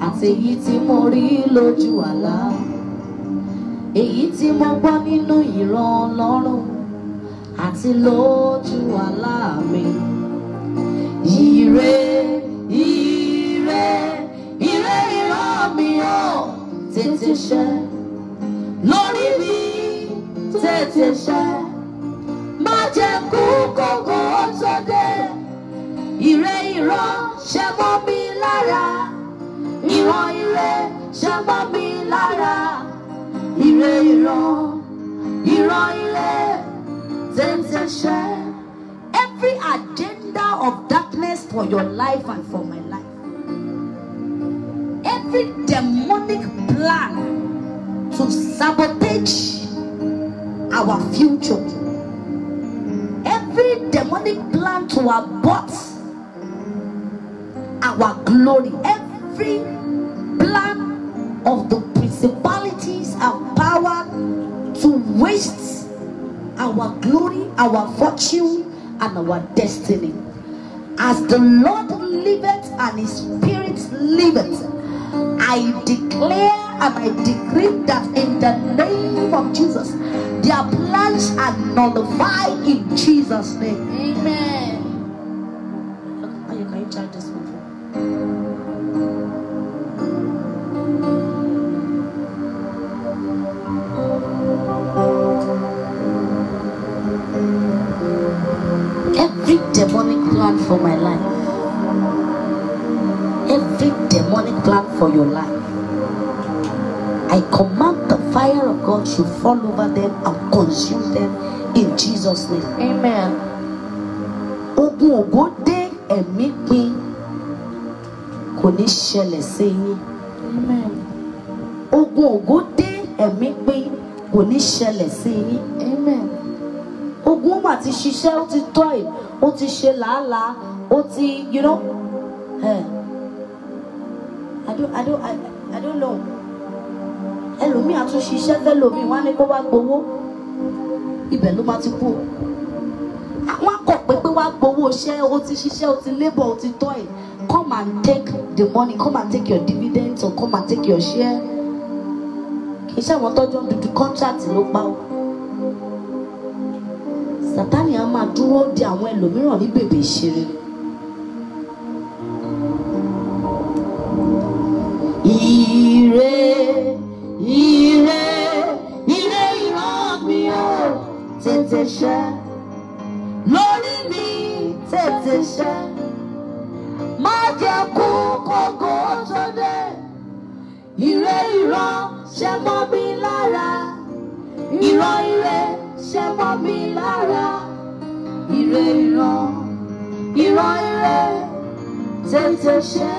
Speaker 1: àti èyí tí mo rí lójú àlá èyí tí mo gbọ́ nínú ìran ọlọ́run àti lójú àlá mi ire ire ire ìran mi ò tètè ṣẹ lórí mi tètè ṣẹ má jẹ́ kú kókó tó dé ire irọ́ ṣe mọ́ mi lára ìran ire ṣe mọ́ mi lára ire irọ́ ìran ire tètè ṣe. Every agenda of darkness for your life and for my life. Every demonic plan to sabotage our future. Every demonic plan to abort our glory. Every plan of the principalities and power to waste our glory, our fortune, and our destiny. As the Lord liveth and his spirit liveth, I declare and I decree that in the name of Jesus, their plans are nullified in Jesus' name. Amen. Are you going to plan for my life. Every demonic plan for your life. I command the fire of God to fall over them and consume them in Jesus' name. Amen. Ogun ògo dé ẹ̀mí pin kò ní ṣẹlẹ̀ yín. Amen. Ogun ògo dé ẹ̀mí pin kò ní ṣẹlẹ̀ yín. Amen. Ogun mà ti ṣiṣẹ́ ó ti tọ́ ó ti ṣe làálàá ó ti you know eh, I do I do I, I don't know ẹlòmíì àtúnṣe iṣẹ́ fẹ́lòmíì wọ́n á ní kó wá gbowó ibẹ̀ ló máa ti kú wọ́n á kọ̀ pé pé wá gbowó iṣẹ́ o ti ṣiṣẹ́ o ti labour o ti tọ́ ẹ̀ come and take the money come and take your dividends or come and take your share kì í ṣe àwọn tọ́jú dúdú contract ló pa o sátani á máa dúró de àwọn ẹlòmíràn ní bèbè ìṣeré. Ire ire ire ìran mi ò tètè ṣẹ lórí mi tètè ṣẹ má jẹ́ kú kókó tó dé ire ìran ṣẹ mọ́ mi lára ìran ire ṣe mọ́ mi lára ire ìran ìran ire tètè ṣe.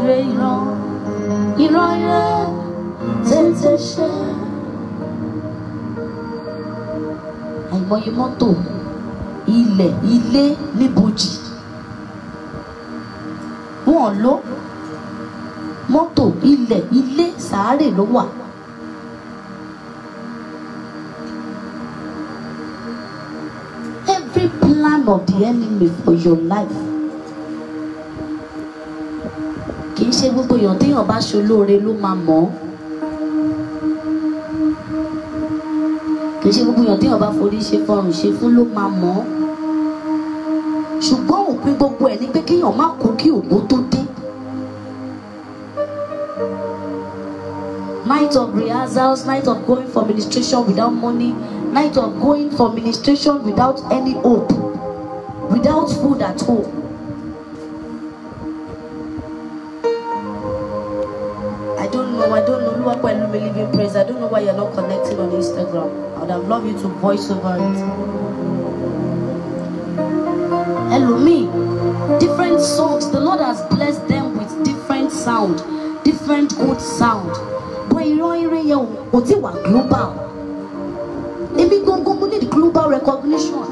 Speaker 1: Ire ìran ìran ire tètè ṣe. àìmọye mọ́tò ilẹ̀ ilé níbojì wọn ò mọ́tò ilẹ̀ ilé sàárè ló wà. every plan of the enemy for your life kì í ṣe gbogbo èèyàn téèyàn bá ṣe olóore ló máa mọ̀ ọ́ kì í ṣe gbogbo èèyàn téèyàn bá forí ṣe fọrùn ṣe fún ló máa mọ̀ ọ́ gbogbo ẹ̀ ni pé kéèyàn má kú kí ògbó tó dé. night of rehearsals night of going for ministration without money night of going for ministration without any hope without food at home. I don't know, I don't know, Luwapo and Lumiliving Praise, I don't know why you're not connecting on Instagram. I would have loved you to voice over it ẹlòmíì different songs the Lord has blessed them with different sound different good sound bọ́ irọ́ eré yẹn ò ti wà global èmi gbogbo mo need global recognition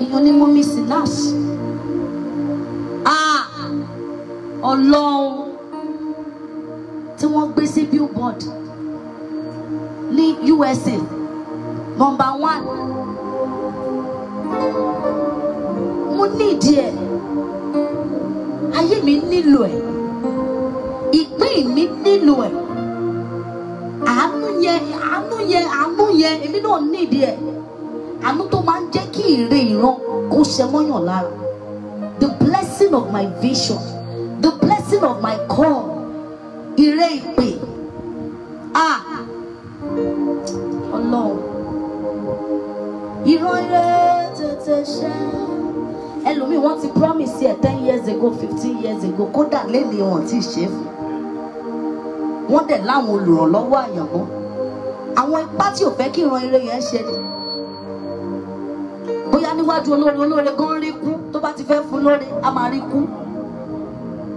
Speaker 1: èèyàn ni mo mi sì láàsì ah ọlọ́run tí wọ́n gbé sí billboard ní USA number one mo ní ìdí ẹ ayé mi nílò ẹ ìpín mi nílò ẹ àánú yẹ àánú yẹ àánú yẹ èmi náà ní ìdí ẹ àánú tó máa ń jẹ́ kí ìre ìran kó ṣe mọ́yàn lára the blessing of my vision the blessing of my call ìre ìpè ah ọlọ́run ìran rẹ̀ ẹlòmíì wọ́n ti promise ẹ ten years ago fifteen years ago kódà lẹ́nìí wọn ti ṣe é fún wọ́n dẹ̀ láwọn olùrànlọ́wọ́ àyànmọ́ àwọn ipá tí ò fẹ́ kí ìran eré yẹn ṣe ni bóyá níwájú olóore olóore gan rí kú tó bá ti fẹ́ fún lóore a máa rí kú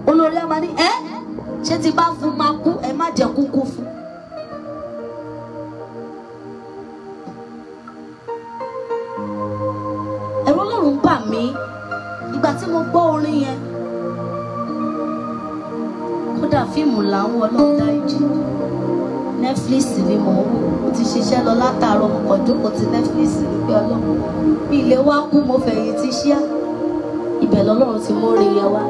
Speaker 1: olóore a máa ní ẹ ṣé ti bá fún máa kú ẹ má jẹ́ kúkú fún. tí mo gbọ́ orin yẹn kódà fíìmù là ń ìjì Netflix ni mò ń wò mo ti ṣiṣẹ́ lọ látàárọ̀ mo jókòó ti Netflix ní pé ọlọ́run bí ilé wa kú mo fẹ̀yìn ti ṣíà ibẹ̀ lọ́lọ́run ti mú orin yẹn wá.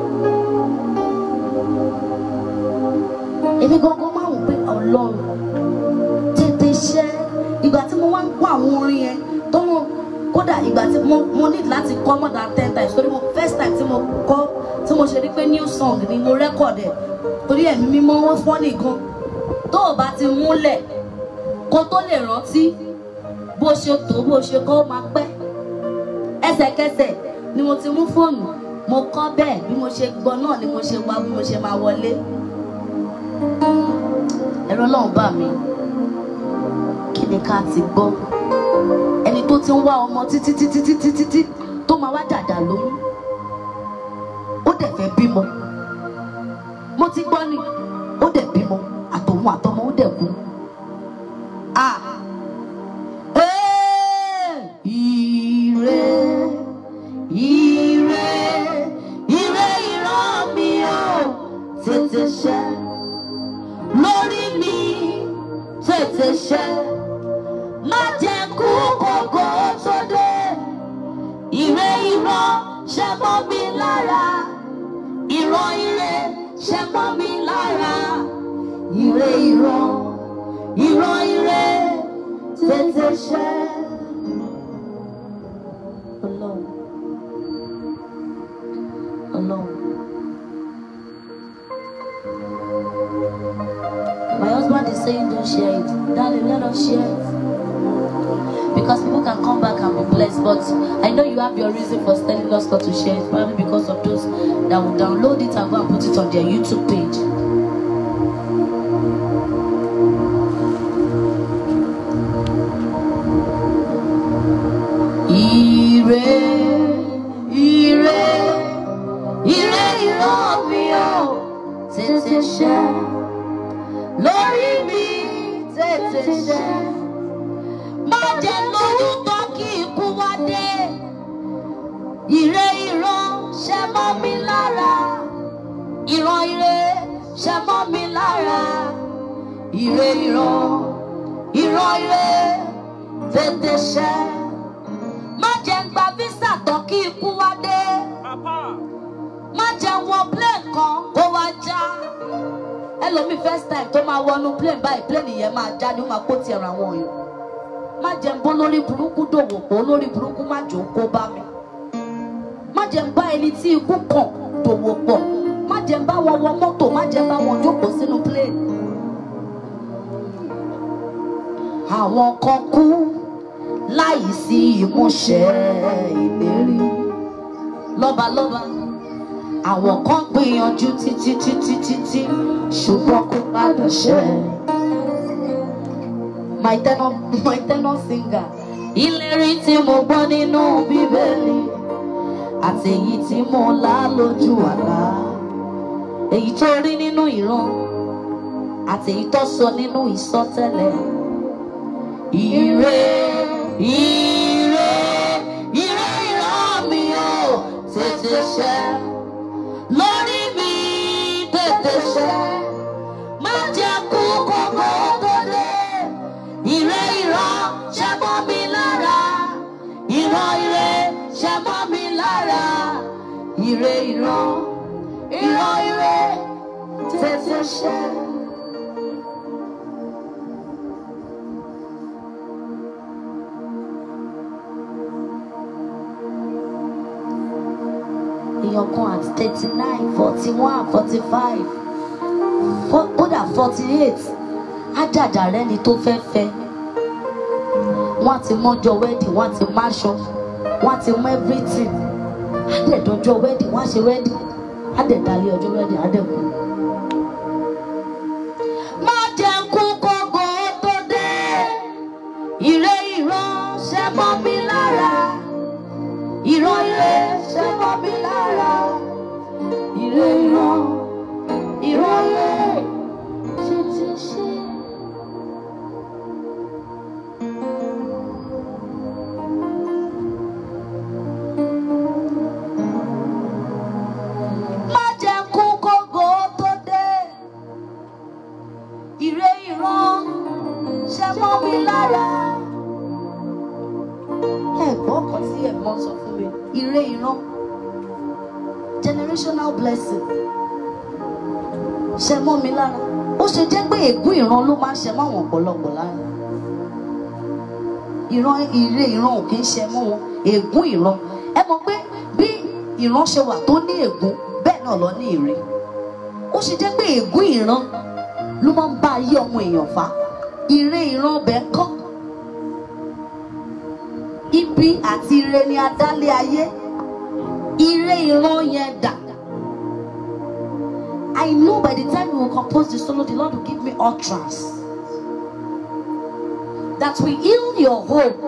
Speaker 1: èmi gangan máa ń pé ọlọ́run mo mo need láti kọ́ more than ten times torí mo first time tí mo kọ́ tí mo ṣe rí pé new song ni mo record ẹ̀ torí ẹ̀mí mímọ́ wọ́n fọ́ nìkan tó o bá ti múlẹ̀ kó tó lè rántí bó ṣe tó bó ṣe kọ́ máa pẹ́ ẹsẹ̀kẹsẹ̀ ni mo ti mú fóònù mo kọ́ bẹ́ẹ̀ bí mo ṣe gbọ́ náà ni mo ṣe wá bí mo ṣe máa wọlé ẹ̀rọ náà bà mí kí ni ká ti gbọ́ ẹni tó ti ń wá ọmọ títí títí títí títí tó máa wá dàdà lóyún ó dẹ̀ fẹ́ bímọ mo ti gbọ́ ni ó dẹ̀ bímọ àtòun àtọmọ. àtèyí tí mo lá lójú àlá èyí tó rí nínú ìran àtèyí tó sọ nínú ìsọtẹ́lẹ̀ ire ire. ire ìran ìran ire tètè ṣẹ. èèyàn kan àti thirty nine forty one forty five kódà forty eight ájàjà rẹ ni tó fẹ́ fẹ́ wọ́n ti mọ́jọ wedding wọ́n ti máṣọ wọ́n ti mọ everything lẹ́dọ̀jọ́ wẹ́ẹ̀dì wọ́n á ṣe wẹ́ẹ̀dì á dẹ̀ dalẹ̀ ọjọ́ wẹ́ẹ̀dì á dẹ̀ kú. má jẹ́ kú kókó tó dé ìrẹ́ ìran ṣẹ́ mọ́ mi lára ìran ilé ṣẹ́ mọ́ mi lára
Speaker 2: ìrẹ́ ìran ìran ilé ṣe ti ṣe.
Speaker 1: mi lára. ẹ̀gbọ́n kan tí ẹ̀gbọ́n sọ fún mi ire ìran generational blessing ṣe mọ́ mi lára ó ṣe jẹ́ pé ègún ìran ló máa ń ṣe mọ́ àwọn ọ̀pọ̀lọpọ̀ lára ìran ire ìran ò kì í ṣe mọ́ wọn ègún ìran ẹ mọ̀ pé bí ìran ṣe wà tó ní ègún bẹ́ẹ̀ náà lọ ní ire ó ṣe jẹ́ pé ègún ìran ló máa ń bá ayé ọmọ èèyàn fà á. ire Iro ọbẹ̀ kọ́ ibi àti ire ni adálé ayé ire Iro yẹn dà. I know by the time we will compose the solo, the Lord will give me utterance. That we heal your hope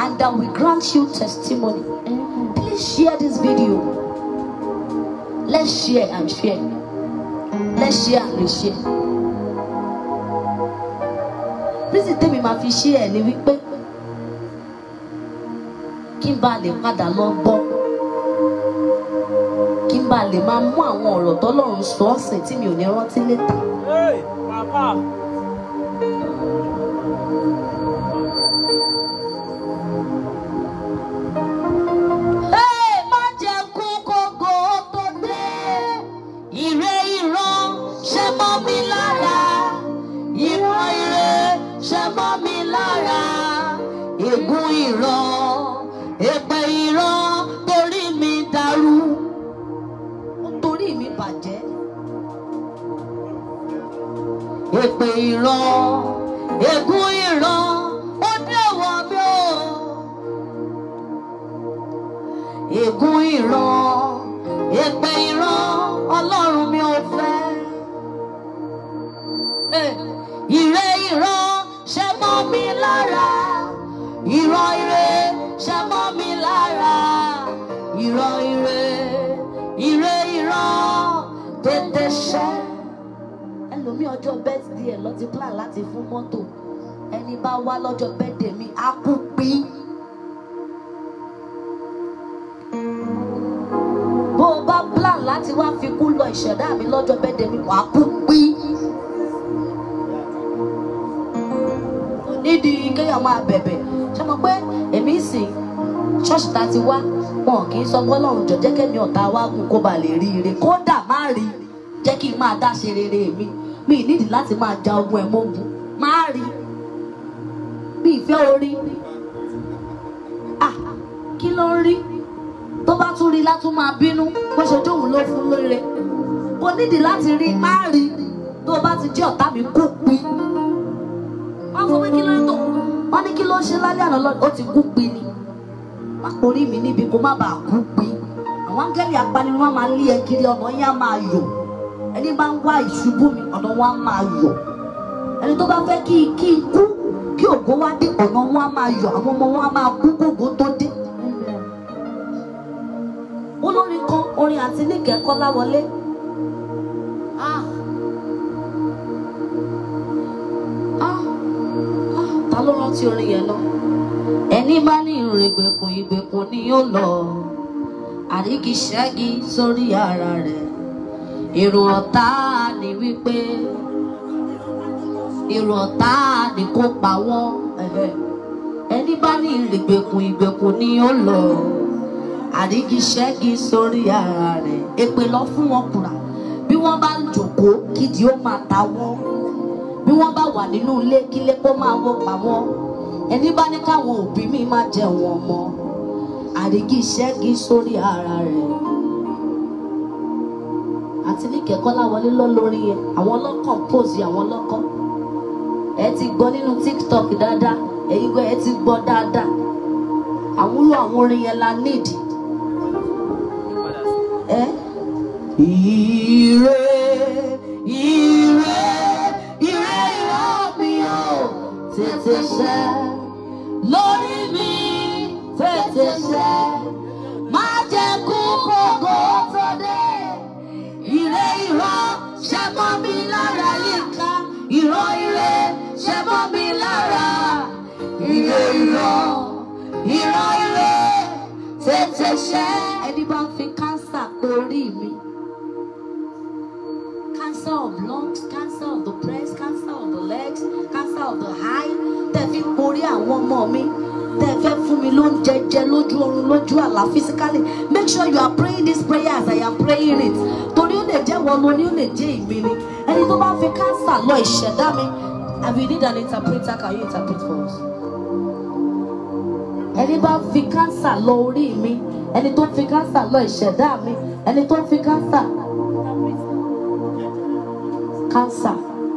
Speaker 1: and that we grant you testimony. Please share this video. Let's share and share. Let's share and share. reason tèmi máa fi ṣe ẹ̀ ni wípé kí n bá lè padà lọ gbọ́ kí n bá lè máa mú àwọn ọ̀rọ̀ tọ́lọ́run sọ ọ̀sìn tí mi ò ní rántí létà. Hey, papa.
Speaker 2: èpè ìran
Speaker 1: mọ́ mi lára ìran. ẹlòmíì ọjọ́ bẹ́tìdì ẹ̀ lọ́ti plan láti fún mọ́tò ẹni bá wá lọ́jọ́ bẹ́tìdì mi á kú pín. bó o bá plan láti wá fi kú lọ ìṣẹ̀dá mi lọ́jọ́ bẹ́tìdì mi wàá kú pín. nídìí kéèyàn máa bẹ̀bẹ̀ ṣé mo pé èmi sì ṣọ́ọ̀ṣì ta ti wá wọn kì í sọ pé ọlọ́run jọ jẹ́ kẹ́mi ọ̀tá wa gùn kó ba lè rí ire kódà má rí jẹ́ kí n máa dá ṣe rere mi mi nídìí láti máa ja ogun ẹ̀ mọ́gun máa rí mi ìfẹ́ orí ah kí ló ń rí tó bá tún rí látún máa bínú bó ṣe dóhùn ló fún lóore kò nídìí láti rí má rí tó bá ti jẹ́ ọ̀tá mi kú pin wọ́n fún mi kí ló ń tò wọ́n ní kí ló ń ṣe lálẹ́ àná lọ́dún ó ti kú pin ni má porí mi níbi kó má bàa kú pin àwọn áńgẹ́lì apanirun máa lé ẹ kiri ọ̀nà yẹn á máa yọ̀ ẹni bá ń wá ìṣubú mi ọ̀nà wọn á máa yọ̀ ẹni tó bá fẹ́ kí kí n kú kí ògo wá dé ọ̀nà wọn á máa yọ̀ àwọn ọmọ wọn á máa kú kógo tó dé. olórin kan orin àti níkẹ́ Kọ́láwọlé. Ah. Ah. Ah. ta ló rántí orin yẹn lọ. ẹni bá ní ìrègbèkùn ìgbèkùn ni yóò lọ àríkìṣẹ́gi sórí ara rẹ̀ èrò ọ̀tá ni wípé èrò ọ̀tá ni kó pa wọ́n ẹni bá ní ìgbèkùn ìgbèkùn ni ó lọ àrígiṣẹ́gi sórí ara rẹ̀ èpè lọ fún wọn kùrà bí wọ́n bá ń jòkóó kídi ó máa ta wọ́n bí wọ́n bá wà nínú ilé kílé kó máa wó pa wọ́n ẹni bá ní káwọn òbí mi máa jẹun ọmọ àrígiṣẹ́gi sórí ara rẹ̀ àti Níkẹ́ Kọ́láwọlé lọ lórí yẹn àwọn ló compose àwọn ló ẹ ti gbọ́ nínú tiktok dáadáa èyí gbọ́ ẹ ti gbọ́ dáadáa àwúlò àwọn orin yẹn la need. ẹ. ire ire ire ìwọ mi ò tètè ṣe lórí mi tètè ṣe má jẹ́ kú kókó tó dé ire ìró ṣe mọ́ mi lára yíká ìró ire ṣe mọ́ mi lára
Speaker 2: ire ìró
Speaker 1: ìró ire tètè ṣe. ẹni bá fi káńsà kó rí mi cancer of lungs, cancer of the breast, cancer of the legs, cancer of the eye. Tẹ́ fi borí àwọn ọmọ mi. Tẹ́ fẹ́ fún mi lóúnjẹ jẹ lójú oorun lójú àlá physically. Make sure you are praying this prayer as I am praying it. Torí ó lè jẹ́ wọnú ni ó lè jẹ́ ìmí ni. Ẹni tó bá fi cancer lọ ìṣẹ̀dá mi. And we need an interpreter. Can you interpret for us? Ẹni bá fi cancer lọ Me. mi. Ẹni tó fi cancer Lord. lọ ìṣẹ̀dá mi. Ẹni tó fi cancer cancer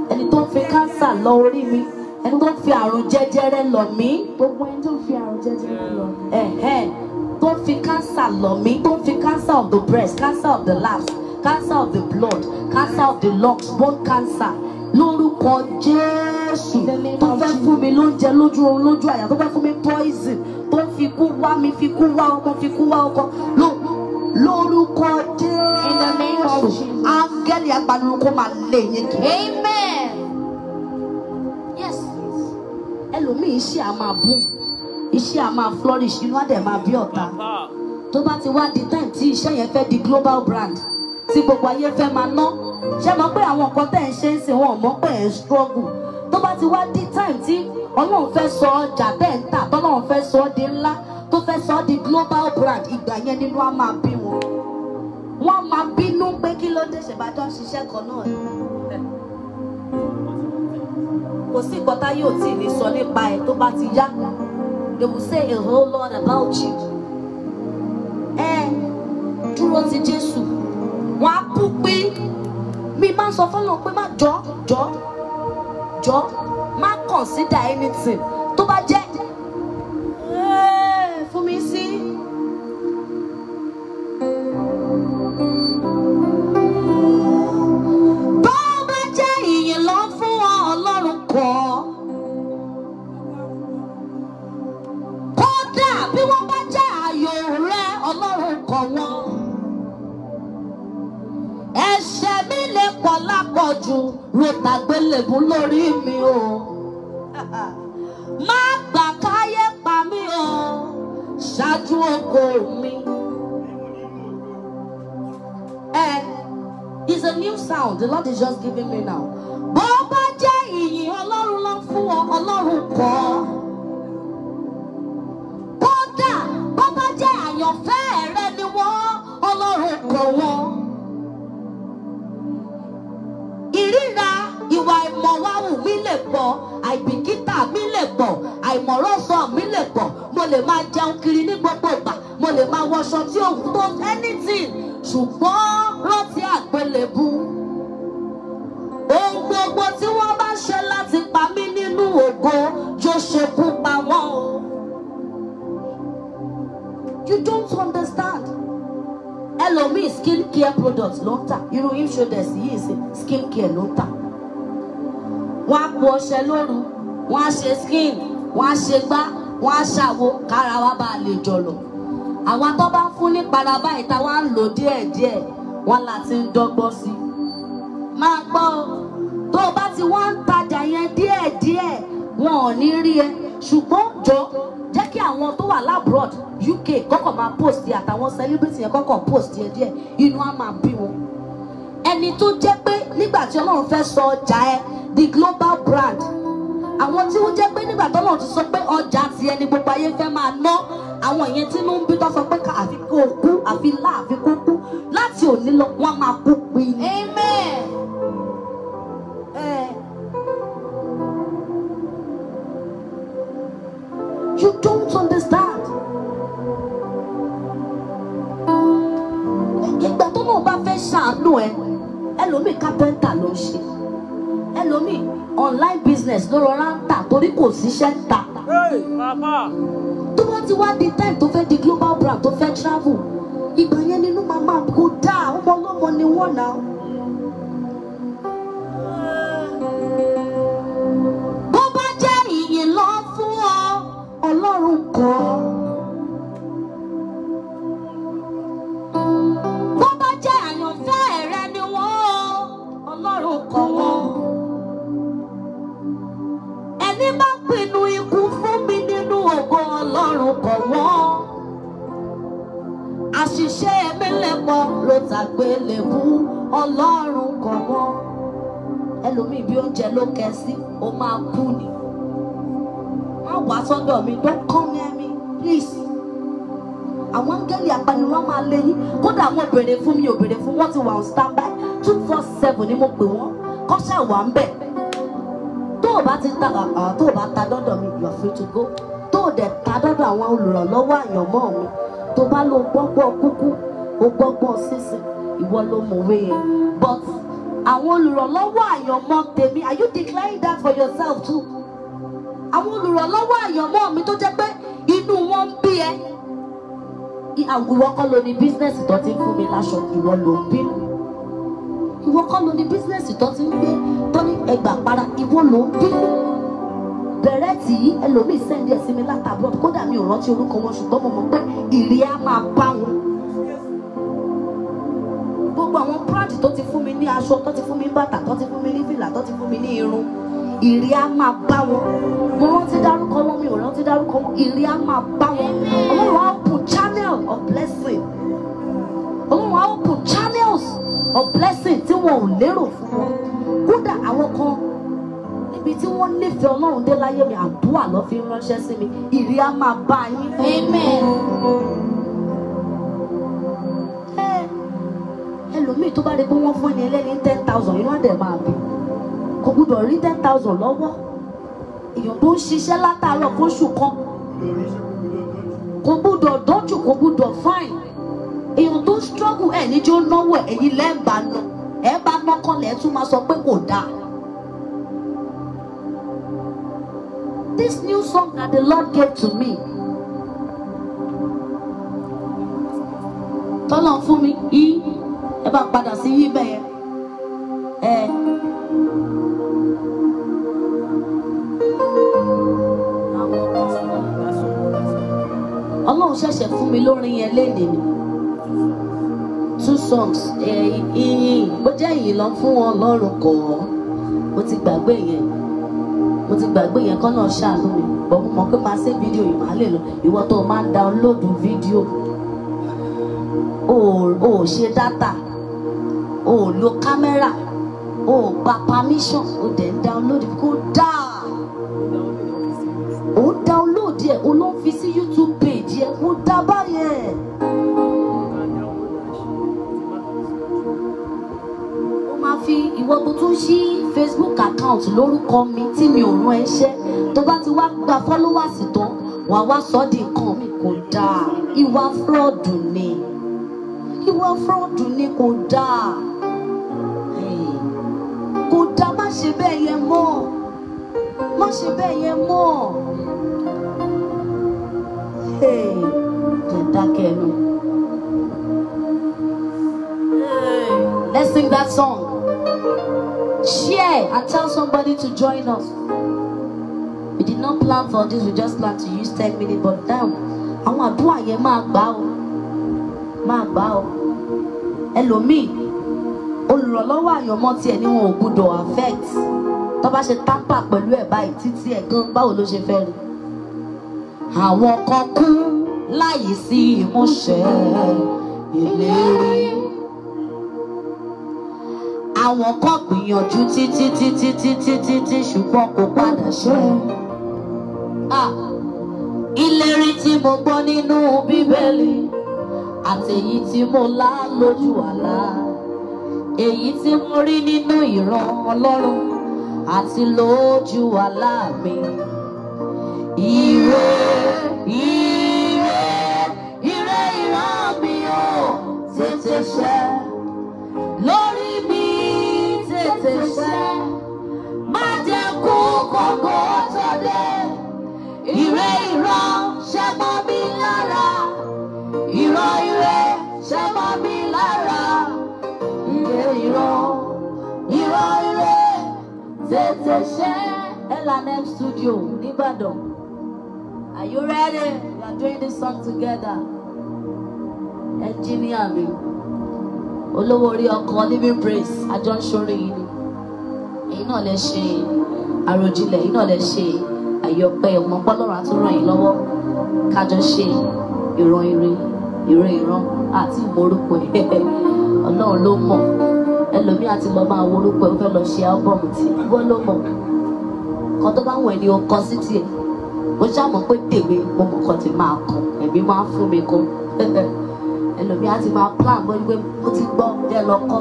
Speaker 1: ẹni tó ń fi cancer lọ orí mi ẹni tó ń fi àrùn jẹjẹrẹ lọ mí. gbogbo ẹni tó ń fi àrùn
Speaker 2: jẹjẹrẹ lọ
Speaker 1: mí. tó ń fi cancer lọ mí tó ń fi cancer of the breast cancer of the laps cancer of the blood cancer of the lungs bone cancer lórúkọ jésù tó fẹ́ fún mi lóúnjẹ lójú oorun lójú àyà tó fẹ́ fún mi poison tó ń fi kú wá mi fi kú wá ọmọ fi kú wá ọkọ lórúkọ jésù name of Jesus. Áńgẹ́lì agbaniru kó máa lé yín kiri. Amen. Yes. Ẹlòmíì iṣẹ́ a máa bú, iṣẹ́ a máa flourish, inú àdẹ̀ máa bí ọ̀tá. Tó bá ti wá di time tí iṣẹ́ yẹn fẹ́ di global brand tí gbogbo ayé fẹ́ máa ná. Ṣé mọ̀ pé àwọn nǹkan tẹ̀ ń ṣe ń sìn wọn mọ̀ pé ẹ̀ struggle? Tó bá ti wá di time tí Ọlọ́run fẹ́ sọ ọjà tẹ̀ ń tà, tọ́lọ́run fẹ́ sọ ọ́ di to tó fẹ́ sọ di global brand, ìgbà yẹn nínú á máa bí wọn wọ́n máa bínú pé kí ló dé ṣèbájọ́ ṣiṣẹ́ kan náà kò sí nǹkan tá yóò tí ì ní sọ nípa ẹ̀ tó bá ti yá they will say a whole lot about you ẹ dúró ti Jésù wọn á kú pé mi máa ń sọ fọlọ́n pé má jọ́ jọ́ jọ́ má consider anything. ọkọ lápọ̀jù ro tàgbélébùú lórí mi o. Má gbà káyé pa mí o, ṣáájú oko mi. Ẹ is a new sound the Lord is just giving me now. Bó bá jẹ́ ìyìn Ọlọ́run ló fún ọ, Ọlọ́run kọ́ Kódà bó bá jẹ́ àyànfẹ́ rẹ ni wọ́n, Ọlọ́run kọ́ wọn ìríra ìwà ìmọ̀wáwù mi lè pọ̀ àìbìkítà mi lè pọ̀ àìmọ̀rọ̀sọ mi lè pọ̀ mo lè máa jẹun kiri ní gbogbo ìgbà mo lè máa wọṣọ tí ò tó anything ṣùgbọ́n rántí àgbélébú. ohun gbogbo tí wọ́n bá ṣe láti pa mí nínú ògo jó ṣekú pa wọ́n. You don't understand ẹlòmíì skin care products ló you know irú hip shoulders He is skin care ló ń tà wọ́n á po ọṣẹ skin wọ́n á ṣe gbá wọ́n á ṣàwo kára wa bá a lè jọlọ àwọn tó bá fún ní paraba ìta wa ń lò díẹ̀díẹ̀ wọ́n láti ń dọ́gbọ́n sí
Speaker 2: i
Speaker 1: máa gbọ́ ti wọ́n ń tajà yẹn díẹ̀díẹ̀ wọn ò ní rí ẹ ṣùgbọ́n jọ jẹ́ kí àwọn tó wà labroad UK kọ́kọ́ máa post yẹ àtàwọn celebrity yẹn kọ́kọ́ post yẹ díẹ̀ inú á máa bí wọn. ẹni tó jẹ́ pé nígbà tí ọlọ́run fẹ́ sọ ọjà ẹ the global brand àwọn tí ó jẹ́ pé nígbà tí ọlọ́run ti sọ pé ọjà ti ẹni gbogbo ayé fẹ́ máa ná àwọn ìyẹn tí inú ń bí tó sọ pé àfi kó o kú àfi lá àfi kó o kú láti òní lọ wọn máa kú pin. amen. Eh. You don't understand. Ìgbà tó náà bá fẹ́ ṣàánú ẹ, ẹlòmíì kápẹ́ńtà ló ń ṣe. Ẹlòmíì online business ló rọra ń tà torí kò síṣẹ́ ń tà. Tó bá ti wá di time tó fẹ́ di global brand tó fẹ́ travel, ìgbà yẹn nínú màmá kò dáa, ọmọ ọlọ́mọ ni wọ́n náà. ọlọ́run kọ́. wọ́n bá jẹ́ àyànfẹ́ rẹ ni wọ́n ọlọ́run kọ́ wọn. ẹni bá pinnu ikú fún mi nínú ògo ọlọ́run kọ́ wọn. àṣìṣe mi lẹ́pọ̀ ló tàgbélébú ọlọ́run kọ́ wọn. ẹlòmíì bí oúnjẹ ló kẹ sí ó máa kú ni má wá sọ́dọ̀ mi don't come near me please àwọn áńgẹ́lì apanirun máa lé yín kódà àwọn béèrè fún mi ò béèrè fún wọ́n ti wà on stand by two four seven ni mo pè wọ́n kọ́ṣẹ́ wà ń bẹ̀ tó o bá ti ta tó o bá ta dọ́dọ̀ mi you are free to go tó o dẹ̀ ta dọ́dọ̀ àwọn olùrànlọ́wọ́ àyànmọ́ mi tó bá lo gbọ́gbọ́ kúkú o gbọ́gbọ́ sísìn ìwọ ló mọ̀wé yẹn but àwọn olùrànlọ́wọ́ àyànmọ́ tèmi are you declaring that for yourself too àwọn olùrànlọ́wọ́ àyànmọ́ mi tó jẹ́ pé inú wọn ń bí ẹ. ìwọ kọ́ ló ní bísínẹ́sì tó ti ń fún mi láṣọ ìwọ ló ń bínú. ìwọ kọ́ ló ní bísínẹ́sì tó ti ń gbé tó ní ẹgbà para ìwọ ló ń bínú. bẹ̀rẹ̀ tí ẹlòmíì sẹ́ndí ẹ̀ sí mi látàbọ̀ kódà mi ò rántí orúkọ wọn ṣùgbọ́n mo mọ̀ pé ìrì á máa bá wọn gbogbo àwọn pride tó ti fún mi ní aṣọ tó ti fún mi ní bàtà tó ti fún mi ní fìlà tó ti fún mi ní irun ìrì á máa bá wọn mo rántí dárúkọ wọn mi ò rántí dárúkọ wọn ìrì á máa bá wọn ọlọ́run á open channel of blessing ọlọ́run á open channels of blessing tí wọn ò lérò fún wọn kódà àwọn kan níbi tí wọ́n nífẹ̀ẹ́ ọlọ́run dé láyé mi àdúrà ló fi ránṣẹ́ sí mi ìrì á máa bá yín. amen. ẹlòmíì tó bá rí pé wọ́n fún ẹni ẹlẹ́ni ten thousand inú àdẹ̀ máa bí kò gbúdọ̀ rí ten thousand lọ́wọ́ èèyàn tó ń ṣiṣẹ́ látàárọ̀ fóṣù kan kò gbúdọ̀ dọ́jú kò gbúdọ̀ fine èèyàn tó ń struggle ẹ̀ níjó náwó ẹ̀yìn lẹ́ẹ̀bà náà ẹ bá mọ́kànlẹ̀ ẹ tún máa sọ pé kò dáa. This new song that the Lord gave to me. Tọ́lọ̀ fún mi yí ẹ bá padà sí yí bẹ́ẹ̀ ẹ. Ọlọ́run ṣẹ̀ṣẹ̀ fún mi lórin yẹn lénìí ni two songs ìyìn bó jẹ́ ìyìn lọ fún wọn lọ́rùn kọ́ mo ti gbàgbé yẹn mo ti gbàgbé yẹn kọ́ náà ṣàánú mi bọ́ mo mọ̀ pé máa ṣe fídíò yìí máa lè lọ ìwọ tó máa ń download fídíò o ò ṣe dátà o ò lo kámẹ́rà o ò gba permission o dẹ̀ ń download kó dáa o ń download ẹ̀ o ló ń fi sí YouTube udabaye ó máa fi ìwọ tó tún Facebook account lórúkọ mi tí mi ò rán ẹṣẹ tó bá ti wá gba followers tán wàá wá sọ di nǹkan mi kò dáa ìwà fraud ni ìwà fraud ni kò dáa kò dáa má ṣe bẹ́ẹ̀ yẹn mọ́ má ṣe bẹ́ẹ̀ yẹn mọ́. that song. Share and tell somebody to join us. We did not plan for this, we just plan to use 10 minutes, but now, àwọn àdúrà yẹn máa gbà ó máa gbà ó ẹlòmíì olùrànlọ́wọ́ àyànmọ́ tiẹ̀ ni wọn ò gbúdọ̀ affect tó bá ṣe tápà pẹ̀lú ẹ̀ báyìí títí ẹ̀ gan báwo ló ṣe fẹ́ rí. àwọn kan kú láyìí sí ìmúṣẹ ìlérí àwọn kan gbìyànjú títí títí títí títí ṣùgbọ́n kò padà ṣe é. ìlérí tí mo gbọ́ nínú bíbélì àtèyí tí mo lá lójú àlá èyí tí mo rí nínú ìran ọlọ́run àti lójú àlá mi. Ire ire ire ìran mi ò tètè ṣẹ. ṣẹ́ má jẹ́
Speaker 2: kú kòkó
Speaker 1: tọ́dé ire ìrọ̀ ṣẹ́ mọ́ mi lára
Speaker 2: ìrọ̀ ire
Speaker 1: ṣẹ́ mọ́ mi lára ire ìrọ̀ ìrọ̀ ire tètè ṣẹ́ LNM studio nìbàdàn are you ready we are doing this song together engineer mi olówó orí ọkọ living praise àjọ ń ṣorí yìí ni ẹ̀yin náà lè ṣe àròjinlẹ̀ ẹ̀yin náà lè ṣe àyọpẹ́ ọmọ pọ́lọ́run àtúràn yín lọ́wọ́ kájọ ṣe ìran ire ìran ìran àti ìmọ̀rúkọ ẹ̀ ọlọ́run ló mọ̀ ẹlòmíì àti lọ máa worúkọ ẹ̀ fẹ́ lọ ṣe ábọ̀mù tí wọ́n ló mọ̀ kan tó bá wọ̀ ẹ́ ni o kọ sí tiẹ̀ mo ṣàmọ̀ pé tèmi mo mọ̀ kan ti máa kọ ẹ̀mí máa fún mi kọ ẹlòmíì àti máa plan bọ́ ẹni pé mo ti gbọ́ jẹ́ lọ́kọ́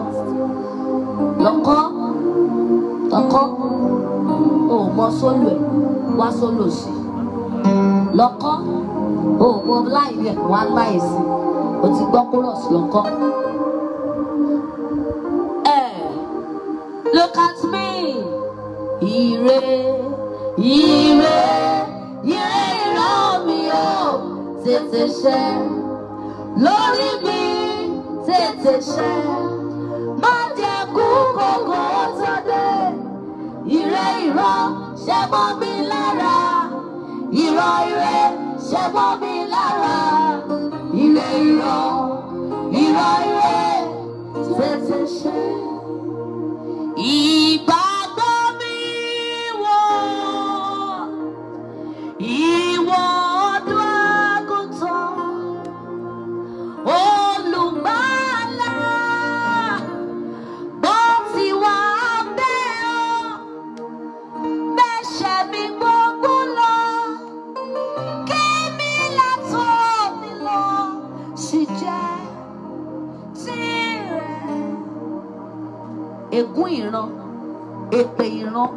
Speaker 1: lọ́kọ́ lọ́kọ́ ò mọ sólù ẹ̀ wá sólù sí lọ́kọ́ ò mọ láì rẹ̀ wá láì sí o ti gbọ́ kúrọ̀ sí lọ́kọ́. Look at me, ire,
Speaker 2: ire,
Speaker 1: ire irọ́ mi ò tètè ṣẹ lórí mi tètè ṣẹ má jẹ́ kú kòkòrò ire irọ́ ṣe bọ́ mi lára irọ́ ire ṣe bọ́ mi lára ire irọ́ irọ́ ire tètè ṣe. Ìgbàgbọ́ mi
Speaker 2: wọ̀.
Speaker 1: ègún ìran èpè ìran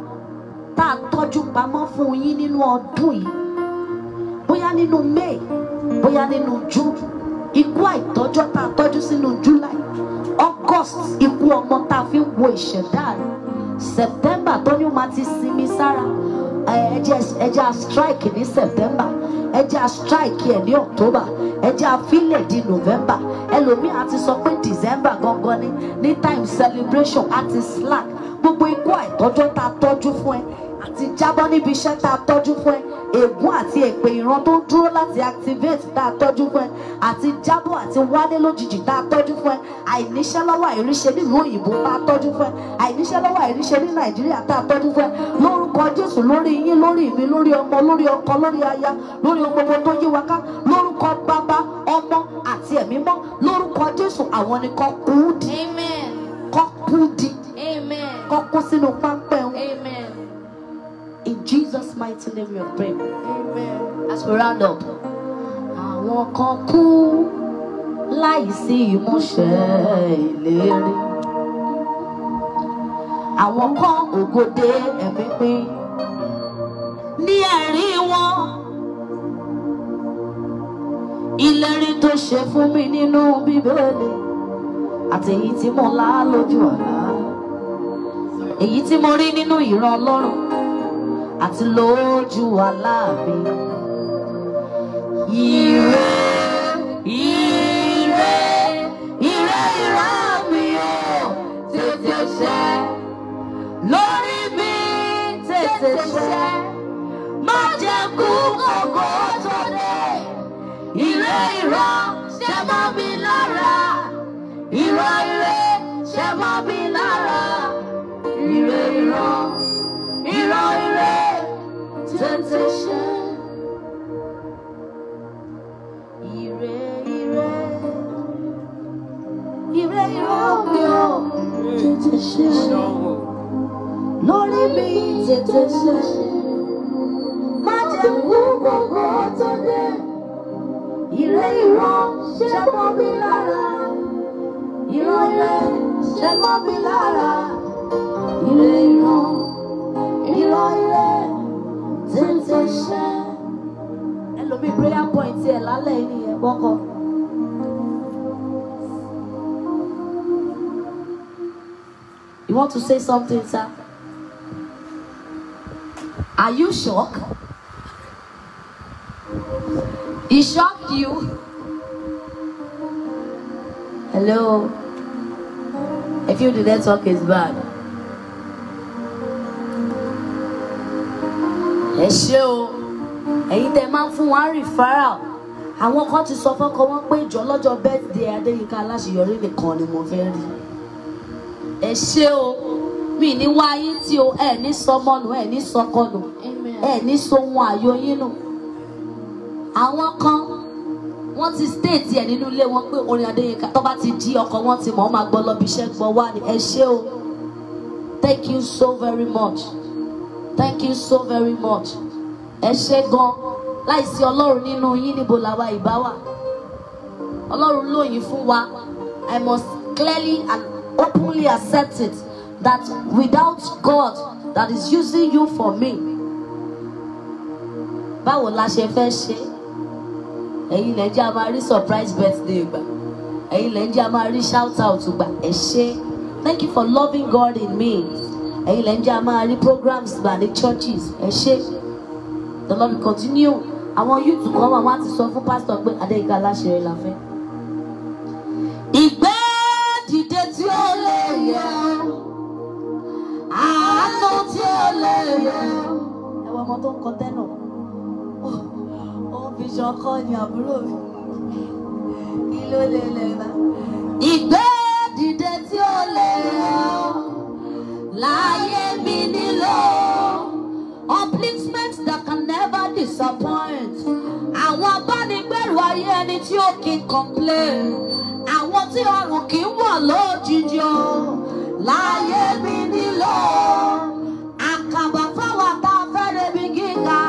Speaker 1: tá a tọ́jú pamọ́ fún yín nínú ọdún yìí bóyá nínú May bóyá nínú June ikú àìtọ́jọ́ tá a tọ́jú sínú July August ikú ọmọ tá a fi ń wo ìṣẹ̀dá rẹ̀ September tó ní o máa ti sinmi ẹja strike in september ẹja strike here in october ẹja filẹ̀ in november Hello, me at the pé december gangan ni ní time celebration at the slack gbogbo ikú àìtọ́jọ́ ta tọ́jú fún ẹ àti jábọ́ níbi iṣẹ́ tá a tọ́jú fún ẹ ègún àti èpè ìran tó ń dúró láti activate tá a tọ́jú fún ẹ àti jábọ́ àti wálé lójijì tá a tọ́jú fún ẹ àìníṣẹ́ lọ́wọ́ àìríṣẹ́ nílùú òyìnbó tá a tọ́jú fún ẹ àìníṣẹ́ lọ́wọ́ àìríṣẹ́ ní nàìjíríà tá a tọ́jú fún ẹ lórúkọ jésù lórí yín lórí mi lórí ọmọ lórí ọkọ lórí aya lórí ohun tó yí wa ká lórúkọ bàbá ọmọ àti ẹ̀mí mọ́ lórúkọ jésù àwọn ni kọ́ di kọ́ di kọ́ sínú pápẹ́ wọn. Jesus' mighty name we pray. Amen. As we round up. Àwọn kan kú láìsí ìmúṣẹ ìlérí. Àwọn kan ògòdè ẹ̀mí pín.
Speaker 2: Ní ẹ̀rí wọn,
Speaker 1: ìlérí tó ṣe fún mi nínú Bíbélì àti èyí tí mo lá lójú àlá. Èyí tí mo rí nínú ìran Ọlọ́run àti lójú aláàbí. Ire ire ire ìrá mi o tètè ṣẹ lórí mi tètè ṣẹ má jẹ́ kú kòkó tó dé ire ìrá ṣẹ mọ́ mi lára ìrá ire ṣẹ mọ́ mi lára
Speaker 2: ire ìrá
Speaker 1: ìrá ire.
Speaker 2: ṣe mọ́ mi lára ìrẹ̀ ire, ire ire, ire ire, ire
Speaker 1: ìrẹ̀ prayer You want to say something, sir? Are you shocked? He shocked you. Hello. If you didn't talk, it's bad. ẹ ṣé o ẹ̀yin tẹ́ máa ń fún wa referral àwọn kan ti sọ fọ́kọ wọn pé ìjọ lọ́jọ́ birthday adéyínká aláṣeyọrí nìkan ni mo fẹ́ rí ẹ ṣé o mi ní wá ayé tí o ẹ ní sọmọnù ẹ ní sọkọnù ẹ ní sohun àyò yín nù àwọn kan wọ́n ti stéètì ẹ̀ nínú ilé wọn pé orin adéyínká tó bá ti jí ọkọ wọn ti mọ̀ ọ́ máa gbọ́ lọ́bi iṣẹ́ gbọ́ wá ní ẹ ṣé o thank you so very much thank you so very much ẹ ṣé gan láìsí ọlọ́run nínú yín níbo làwa ìbá wa ọlọ́run lóyìn fún wa i must clearly and openly accept it that without god that is using you for me báwo la ṣe fẹ́ ṣe ẹ̀yin lẹ́ jẹ́ a máa rí surprise birthday gbà ẹ̀yin lẹ́ jẹ́ a máa rí shout out gbà ẹ ṣé thank you for loving god in me ẹ̀yin lẹ́ ń jẹ́ a máa rí programs by the churches ẹ ṣe the Lord continue àwọn youth kan wà wọ́n á ti sọ fún Pastor, pé Adéyínká Aláṣẹ̀rẹ̀ la fẹ́. ìgbé dìde tí ó lè yẹ àánú tí ó lè yẹ. ẹ wọ ọmọ tó ń kọ tẹ́nà ó fi ṣọkọ ní àbúrò mi kí ló lè lè bá. ìgbé dìde tí ó lè yẹ. Láyé mi nílò upliftment that can never disappoint. Àwọn abánigbèrú ayé ẹni tí ó kì í complain. Àwọn tí ọrùn kì í wọ̀ lójijì o. Láyé mi nílò àkàbà fáwọn tá a fẹ́ rebi gíga.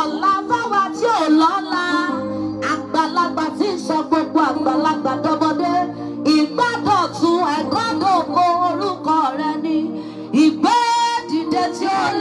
Speaker 1: Ọ̀la fáwọn tí ò lọ́la. Àgbàlagbà tí ń sọ gbogbo àgbàlagbà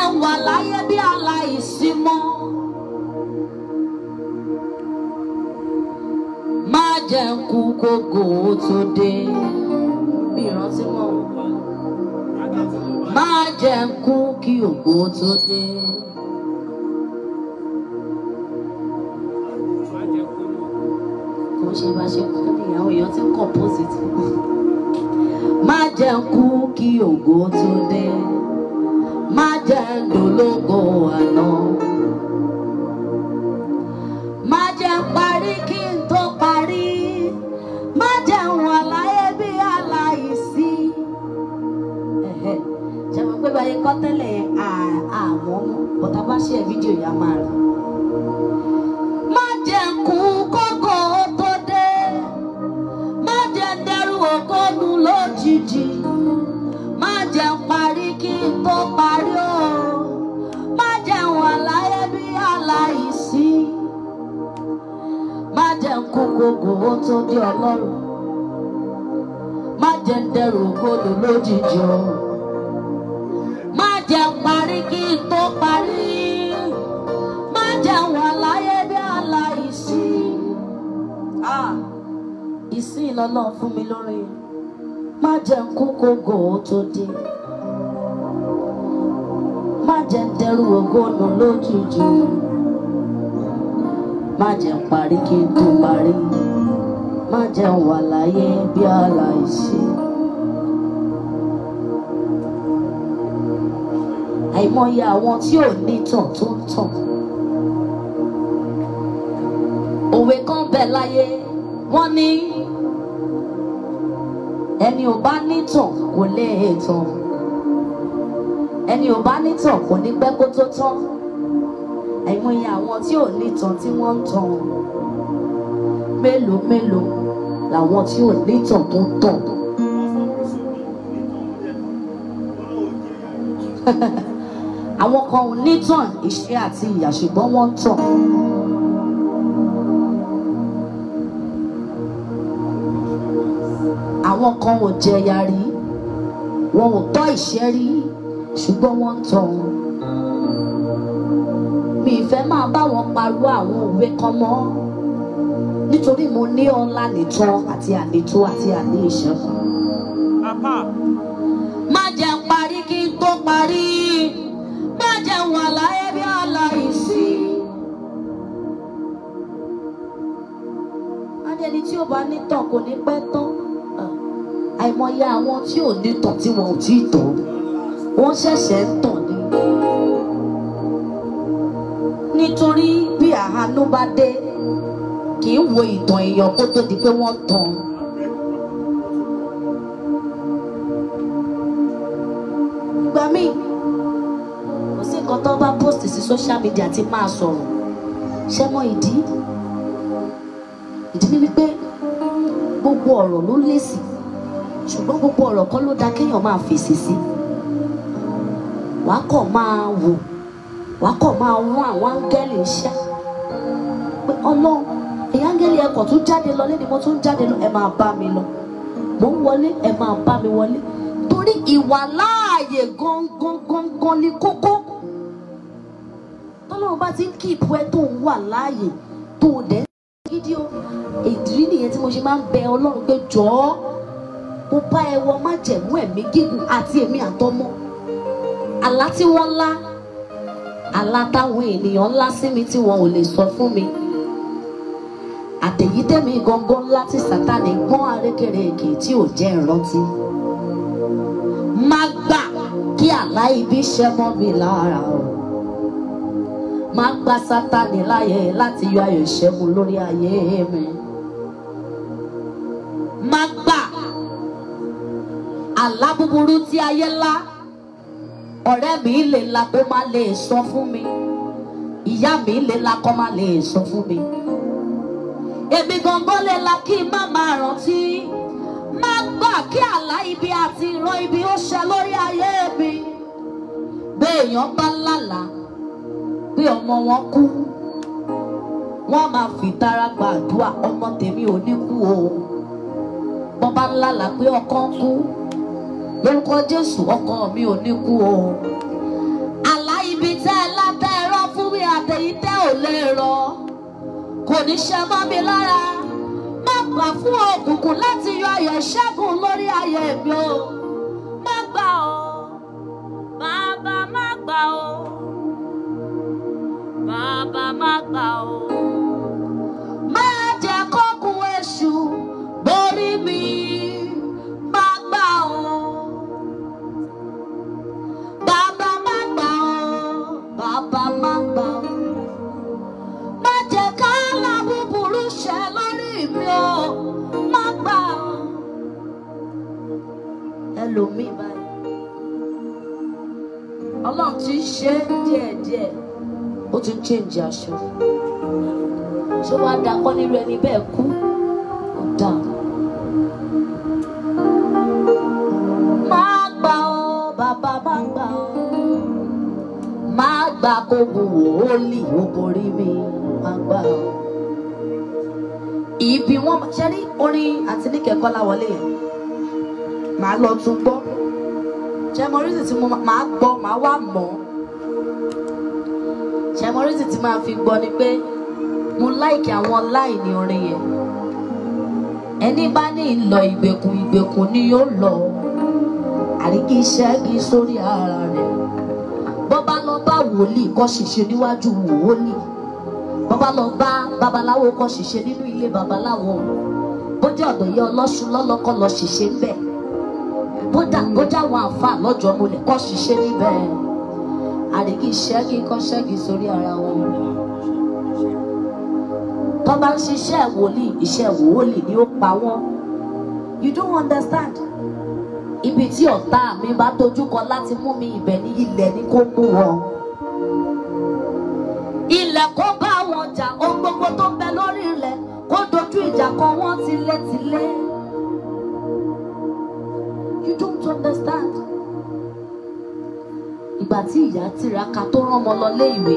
Speaker 1: tẹ̀ wà láyé bí aláìsí mọ́. má jẹ́ kú kókó tó dé. má jẹ́ kú kí ògbó tó dé. kò ṣe bá ṣe kú nìyàwó èèyàn ti kọ̀ pósìtì. má jẹ́ kú kí ògbó tó dé má jẹ́ dológo àná. má jẹ́ parí kí n tó parí má jẹ́ wọn láyé bí aláìsí. ṣàmì pé báyìí kọ́ tẹ́lẹ̀ àmọ́ bọ̀tà bá ṣe fídíò yà máa rí. má jẹ́ kú kókó tó dé má jẹ́ Ma kó gbogbo ó tó dé ọlọ́run má jẹ́ ń dẹrù gbọdọ̀
Speaker 2: lójijì o
Speaker 1: má jẹ́ ń parí tó parí
Speaker 3: má jẹ́ ń wà láyé bí
Speaker 1: aláìsí ah, mi lórí má jẹ́ n parí kí n tó parí má jẹ́ n wà láyé bí aláìsí. àìmọye àwọn tí ò ní tàn tó ń tàn. òwe kan bẹ láyé wọ́n ní ẹni ò bá nítàn kò lè tàn ẹni ò bá nítàn kò ní pẹ́ kó tó tán àìmọye àwọn tí ò nìtàn tí wọ́n ń tàn mélòó mélòó làwọn tí ò nìtàn tó ń tàn. àwọn kan ò nìtàn ìṣe àti ìyà ṣùgbọ́n wọ́n ń tàn. àwọn kan ò jẹyà rí wọn ò tọ́ ìṣẹ́ rí ṣùgbọ́n wọ́n ń tàn mi ìfẹ́ máa bá wọn parọ́ àwọn òwe kan mọ́ nítorí mo ní ọlá nìtọ́ àti ànító àti àní ìṣẹ́kù. má jẹ́ ń parí kí n tó parí má jẹ́ ń wà láyé bí aláìsí. adẹni tí ó bá nítàn kò ní pẹ́ tán àìmọye àwọn tí ò nítàn tí wọn ò tí ì wọ́n ṣẹ̀ṣẹ̀ ń tàn àánú bá dé kì í wo ìtàn èèyàn kó tó di pé wọ́n tàn án. gbà kò sí nǹkan tó bá post sí social media tí máa sọ̀rọ̀ ṣé mọ ìdí ìdí ni wípé gbogbo ọ̀rọ̀ ló lésì ṣùgbọ́n gbogbo ọ̀rọ̀ kọ́ ló da kéèyàn máa fèsì sí wàá kọ̀ máa wò wàá kọ̀ máa wọ́n àwọn áńgẹ́lì iṣẹ́ pé ọlọ́run èyí áńgẹ́lì ẹ̀kọ́ tún jáde lọ lẹ́ni mo tún jáde lọ ẹ máa bá mi lọ mo ń wọlé ẹ máa bá mi wọlé torí ìwà láàyè gangan ni kókó tọ́lọ́run bá ti ń kíìpù ẹ tó ń wà láàyè tó dẹ́ gidi o ìdírí nìyẹn tí mo ṣe máa ń bẹ ọlọ́run pé jọ̀ọ́ mo bá ẹ wọ májẹ̀mú ẹ̀mí gígùn àti èmi àtọmọ àlá tí wọ́n lá àlá táwọn ènìyàn ńlá sí mi tí wọn ò lè sọ fún mi àtẹ̀yítẹ́mi gangan ńlá tí sátani gbọ́n arékèrèké tí ò jẹ́ ìrántí. má gbà kí àlá ibi ṣẹ́ mọ́ mi lára o má gbà sátani láyè láti yọ ayọ̀ ìṣẹ́gun lórí ayé mi. má gbà àlá búburú tí ayé ńlá ọ̀rẹ́ mi lè la kó má lè sọ fún mi ìyá mi lè la kó má lè sọ fún mi. Ebi gangan lè la kí n má máa rántí má gbà kí ibi àti ìran ibi ó ṣe lórí ayé mi béèyàn bá lálàá pé ọmọ wọn kú wọ́n máa fi tara gbàdúrà ọmọ tèmi ò ní kú o wọ́n bá lálàá pé ọkọ kú lórúkọ Jésù ọkọ mi ò ní kú o àlá ibi tẹ́ ẹ látẹ́ ẹ rọ́ fún mi àtẹ̀yí tẹ́ ò lè rọ́ kò ní ṣe mọ́ mi lára má gbà fún òkùnkùn láti yọ ayọ̀ ìṣẹ́gun lórí ayé mi o má gbà o bàbá má gbà o bàbá má gbà o. má o. bàbá má o bàbá ẹlòmíì báyìí ọlọ́run ti ń ṣe díẹ̀díẹ̀ ó ti ń change aṣọ ṣé wàá dakọ́ nírú ẹni bẹ́ẹ̀ kú ó dà. má gbà ó bàbá má gbà ó má gbà kó wùwò ó lì ó borí mi má gbà ó. ìbí wọn ṣe ní orin àti níkẹ́kọ́ láwọlé yẹn màá lọ tún gbọ́ ṣẹmọ rísì tí mo máa gbọ́ màá wà mọ́ ṣẹmọ rísì tí màá fi gbọ́ ni pé mo láìkì àwọn láìní orin yẹn ẹni bá ní ìlọ ìgbèkùn ìgbèkùn ni yóò lọ àríkí ṣẹ́gi sórí ara rẹ̀ bọ́bá lọ bá wòlíì kọ́ ṣìṣe níwájú wòlíì bọ́bá lọ bá babaláwo kọ́ ṣìṣe nínú ilé babaláwo bójú ọ̀dọ̀ yẹ ọlọ́ṣun lọ́lọ́kọ́ lọ ṣìṣe bẹ́ẹ̀ kódà kódà àwọn àǹfà lọ́jọ́ mo lè kọ́ ṣiṣẹ́ níbẹ̀ àríkí ṣẹ́gi kọ́ ṣẹ́gi sórí ara wọn. tó bá ń ṣiṣẹ́ wòlíì iṣẹ́ wòlíì ni ó pa wọ́n you don't understand ibi tí ọ̀tá mi bá dojú kọ láti mú mi ibẹ̀ ní ilẹ̀ ni kó mú wọn. ilẹ̀ kó bá wọn jà ohun gbogbo tó ń bẹ lórí ilẹ̀ kó dojú ìjà kọ wọ́n tilétilé understand. ìgbà tí ìyá tiraka tó rán ọmọ lọ lé ìwé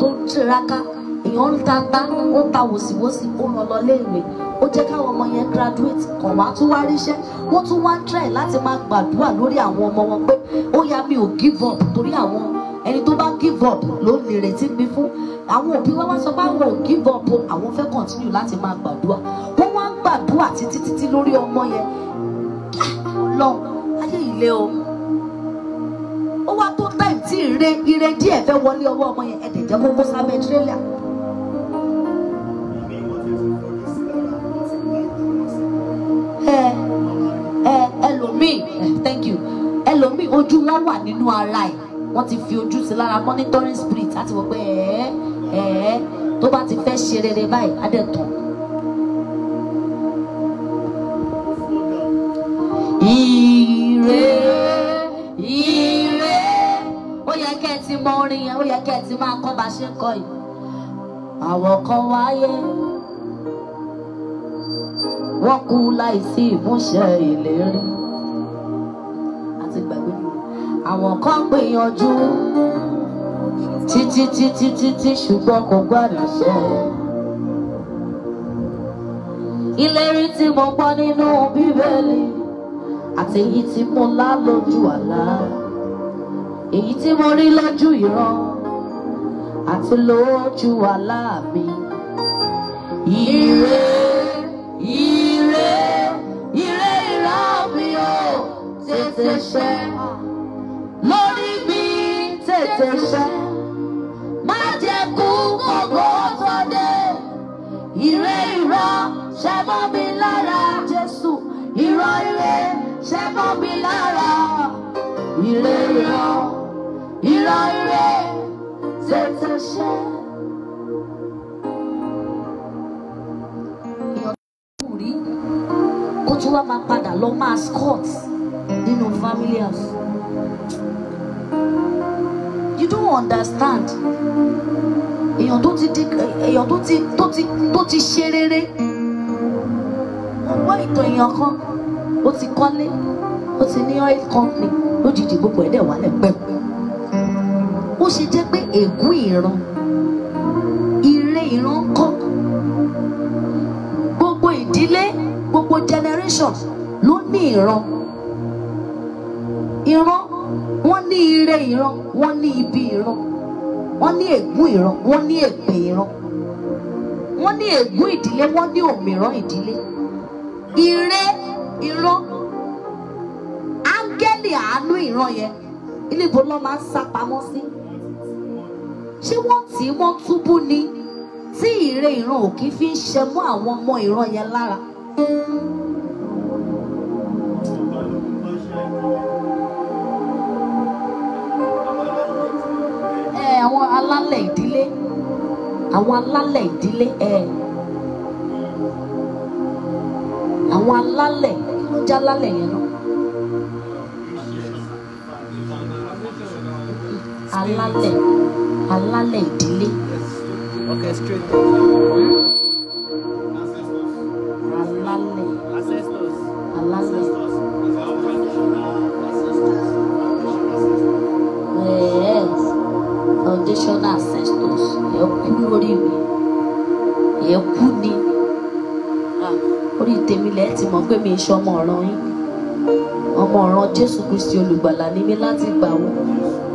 Speaker 1: tó tiraka èèyàn ń ta gbá ó ń ta wòsíwòsí ó rán lọ lé ìwé ó jẹ́ káwọn ọmọ yẹn graduate kàn wá tún wá ríṣẹ́ wọ́n tún wá try láti máa gbàdúrà lórí àwọn ọmọ wọn pé ó yá mi ò give up torí àwọn ẹni tó bá give up ló lè retí mi fún àwọn òbí wa wá sọ pé àwọn ò give up o àwọn fẹ́ continue láti máa gbàdúrà wọ́n wá ń gbàdúrà títí títí lórí ọmọ yẹn ah, lọ́hùn ilé o ó wá tó táìm tí ire ire díẹ̀ fẹ́ wọlé ọwọ́ ọmọ yẹn ẹ̀dẹ̀ jẹ́ kókó sábẹ́ tírélà. ẹlòmíì you ẹlòmíì ojú wọn wà nínú ara ẹ̀ wọ́n ti fi ojú sí lára monitoring spirit àti wọ́n pé ẹ̀ ẹ̀ tó bá ti fẹ́ ṣe rere báyìí á dẹ̀ tán
Speaker 2: ire
Speaker 1: ó yẹ kẹ́ ẹ ti mọ orin yẹn ó yẹ kẹ́ ẹ ti máa kọ́ bá ṣe ń kọ yìí àwọn kan wáyé wọ́n kú láìsí ìmúṣẹ ìlérí àti gbàgbé àwọn kan gbìyànjú títí títí títí ṣùgbọ́n kò gbọ́dọ̀ ṣe. ìlérí tí mo gbọ́ nínú bíbélì àti èyí tí mo lá lójú àlá èyí tí mo rí lójú ìran àti lójú àlá mi. Ire ire ire ìran mi ò tètè ṣẹ lórí mi tètè ṣẹ má jẹ kú gbogbo tó ire ìran ṣẹ mọ́ mi lára Jésù ìran ire ṣe bọ́ mi lára ilé ìran
Speaker 2: ìran ire
Speaker 1: tètè ṣe. ó tún wá máa padà lọ máa squat nínú family house. you don't understand èèyàn tó ti di èèyàn tó ti tó ti tó ti ṣe rere wọ́n gbọ́ ìtàn èèyàn kan ó ti kọ́lé ó ti ní oil company lójijì gbogbo ẹ̀ dẹ̀ wálẹ̀ pẹ́ ó ṣe jẹ́ pé ègún ìran ire ìran ń kọ́ gbogbo ìdílé gbogbo generation ló ní ìran ìran wọ́n ní ire ìran wọ́n ní ibi ìran wọ́n ní ègún ìran wọ́n ní èpè ìran wọ́n ní ègún ìdílé wọ́n ní òmìrán ìdílé ire ìran áńgẹ́lì àánú ìran yẹn níbo ló máa ń sá pamọ́ sí ṣé wọ́n tì í mọ́ túbú ni tí ìre ìran ò kí fi ń ṣe mọ́ àwọn ọmọ ìran yẹn lára. àwọn alálẹ̀ ìdílé àwọn alálẹ̀ ìdílé ẹ̀ àwọn alálẹ̀ já lálẹ́ yẹn alálẹ̀ alálẹ̀ dili. Okay, straight. pé mi ìṣọmọ ọ̀ràn yín ọmọ ọ̀ràn Jésù Kristi olùgbàlà ni mí láti gbà wò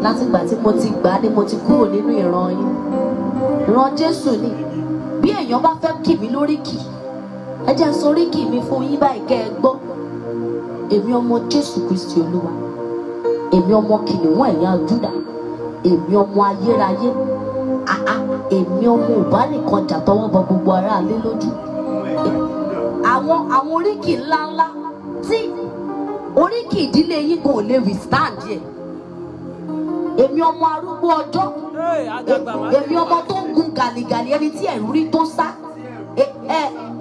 Speaker 1: láti gbà tí mo ti gbà á ni mo ti kúrò nínú ìran yín ìran Jésù ni bí èèyàn bá fẹ́ kì mí lóríkì ẹ jẹ́ sọ oríkì mi fún yín báyìí kẹ́ ẹ gbọ́ èmi ọmọ Jésù Kristi olúwa èmi ọmọ kìnìún ẹ̀yà Júdà èmi ọmọ ayérayé àá èmi ọmọ ìbálòkan jà tọwọ́ bọ gbogbo aráalé lójú àwọn àwọn oríkì ńláńlá tí oríkì ìdílé yín kò lè withstand yẹ èmi ọmọ arúgbó ọjọ́ èmi ọmọ tó ń gun gàlìgàlì ẹni tí ẹ̀rù rí tó sá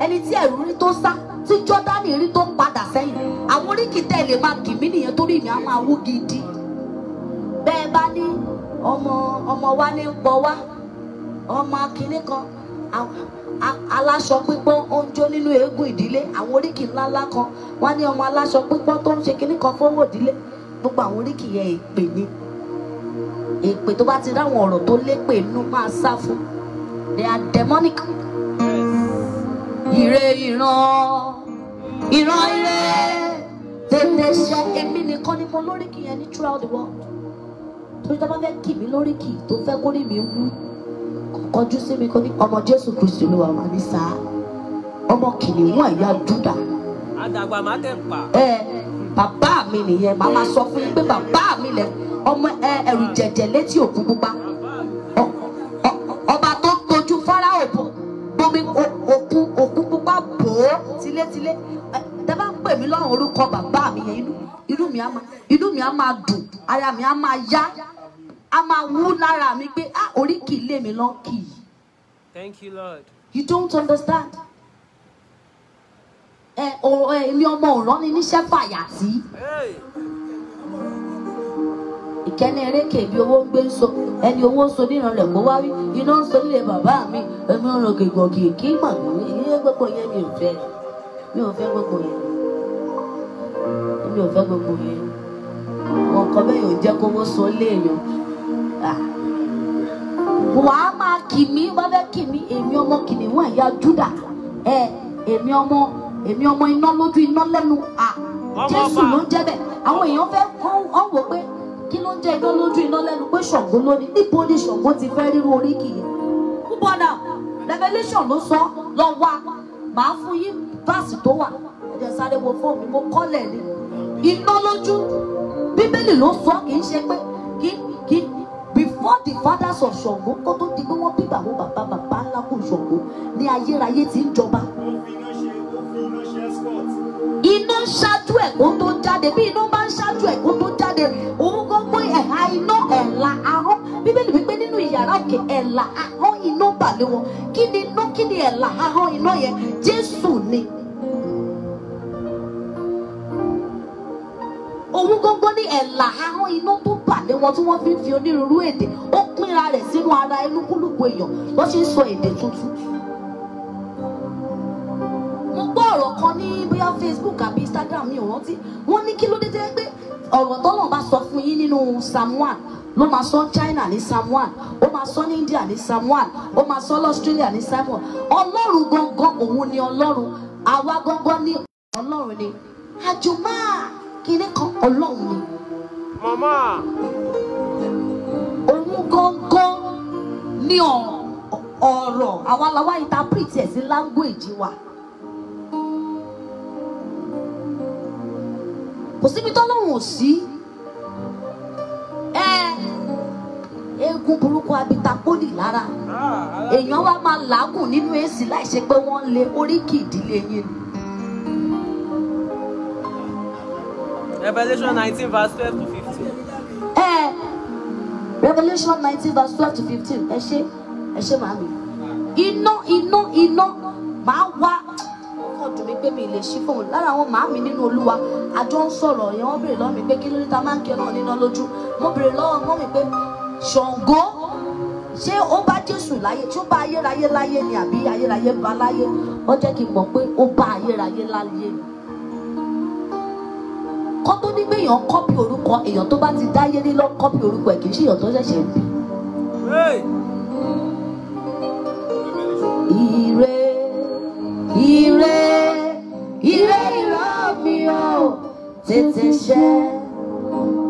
Speaker 1: ẹni tí ẹ̀rù rí tó sá tí Jọ́dánì rí tó ń padà sẹ́yìn àwọn oríkì tẹ̀ lè máa kì mí nìyẹn torí mi á máa wú gidi bẹ́ẹ̀ bá ní ọmọ ọmọ wa ní pọ̀ wá ọmọ akínní kan aláṣọ pípọ́n ó ń jó nínú eégún ìdílé àwọn oríkì ńláńlá kan wọ́n ní ọmọ aláṣọ pípọ́n tó ń ṣe kinní kan fowó ìdílé gbogbo àwọn oríkì yẹn èpè ni èpè tó bá ti ráwọn ọ̀rọ̀ tó lépè nínú máa sá fún they are demonic. ire ìran ìran ire tètè ṣe èmi nìkan ni mo lóríkì yẹn ní throughout the world torí tó bá fẹ́ kì mí lóríkì tó fẹ́ kórìí mi wú kọjú sí mi kó ní ọmọ Jésù Kristu ló wà wá ní sáà ọmọ kìnìún àyà dúdà.
Speaker 3: àdàgbà má tẹ̀ pa. ẹ
Speaker 1: bàbá mi nìyẹn màmá sọ fún yín pé bàbá mi lẹ ọmọ ẹ ẹrù jẹjẹ létí òkú pupa ọba tó tójú fara òbò bomi òkú òkú pupa bò ó tilétilé dábà ń pè mí lọ́rùn orúkọ bàbá mi yẹn inú mi á máa dùn ara mi á máa yá a máa wú lára mi pé ah oríkì ilé mi ló kì í.
Speaker 3: Thank you, Lord.
Speaker 1: You don't understand. Ẹ ọ èmi ọmọ òrán ni níṣẹ́ fàyà sí. Ìkẹ́ni eréke bí owó ń gbé ń so ẹni owó ń so níran rẹ̀ kó wá rí iná ń so nílé bàbá mi èmi ń rògè gògè kí mà mí ilé gbogbo yẹn mi ò fẹ́ mi ò fẹ́ gbogbo yẹn mi ò fẹ́ gbogbo yẹn wọn bẹ́ẹ̀ yóò jẹ́ kówó so léèyàn Ah. wàá máa kì mí bá fẹ́ kì mí èmi ọmọ kìnìún ẹ̀yà Júdà ẹ èmi ọmọ èmi ọmọ iná lójú iná lẹ́nu à Jésù ló ń jẹ́ bẹ́ẹ̀ àwọn èèyàn fẹ́ ọ̀ wò pé kí ló ń jẹ́ iná lójú iná lẹ́nu pé Ṣàngó lónìí níbo ni Ṣàngó ti fẹ́ ríru oríkì yẹn púpọ̀ náà Revelation ló sọ lọ wá màá fún yín báàsì tó wà ẹ̀jẹ̀ sáré wo fóònù mo kọ́lẹ̀ ni iná lójú Bíbélì ló sọ kì í ṣe pé all the fathers of Ṣàngó kó tó di pé wọ́n bí bàbá bàbá bàbá ńlá kù Ṣàngó ní ayérayé ti ń jọba. iná ṣáájú ẹ̀kọ́ tó jáde bí iná bá ń ṣáájú ẹ̀kọ́ tó jáde òun gbogbo ẹ̀ha iná ẹ̀la ahọ́n bíbélì wípé nínú ìyàrá òkè ẹ̀la ahọ́n iná bà wọn kí ni iná kí ni ẹ̀la ahọ́n iná yẹn Jésù ni. òun gógó ní ẹ̀là ahọ́n inú tó bà lé wọn tí wọ́n fi ń fi onírúurú èdè ó pínra rẹ̀ sínú ara inúkúlùkù èèyàn bó ṣe ń sọ èdè tuntun. mo gbọ́ ọ̀rọ̀ kan ní bóyá Facebook àbí Instagram mi ò rántí wọ́n ní kí ló dé jẹ́ pé ọ̀rọ̀ tọ́lọ̀ bá sọ fún yín nínú Psalm ló máa sọ China ní Psalm one ó máa sọ ní India ní Psalm one ó máa sọ l'Australia ní Psalm one ọlọ́run gangan òun ni ọlọ́run àwa gangan ni ọlọ́run ni àjùmọ̀ kinní kan ọlọ́run ni. màmá. òun gangan ní ọ̀rọ̀ àwa interpret ẹ̀ sí language wa. kò síbi tọ́lọ́run ò sí. ẹ eegun burúkú abitakoli lára ah, ah. èèyàn wa máa làágùn nínú èsì láì pé wọ́n lé oríkì ìdílé yín ni.
Speaker 3: Revelation 19, verse 12 to 15.
Speaker 1: Eh, Revelation 19, verse 12 to 15. Ẹ ṣe, ẹ ṣe màá mi. Iná, iná, iná, màá wá. Ó kàn dùn mí pé mi ì lè ṣí fóun. mi nínú Olúwa, àjọ ń sọ̀rọ̀ yẹn wọ́n béèrè lọ́wọ́ mi pé kí ló dé ta máa ń kí Ọlọ́run Mo béèrè lọ́wọ́ mọ́ mi pé Ṣàngó ṣé ó bá Jésù láyé tí ó bá ayérayé láyé ni àbí ayérayé bá láyé? Ó jẹ́ kí n mọ̀ pé ó bá ayérayé láyé ni olùkọ́ tó ní pé èèyàn kọ́pì orúkọ èèyàn tó bá ti dáyé ní lọ kọ́pì orúkọ ẹ̀ kì í ṣe èèyàn tó ṣẹ̀ṣẹ̀ bí. ire ire ire ìrọ̀ mi ò tètè ṣẹ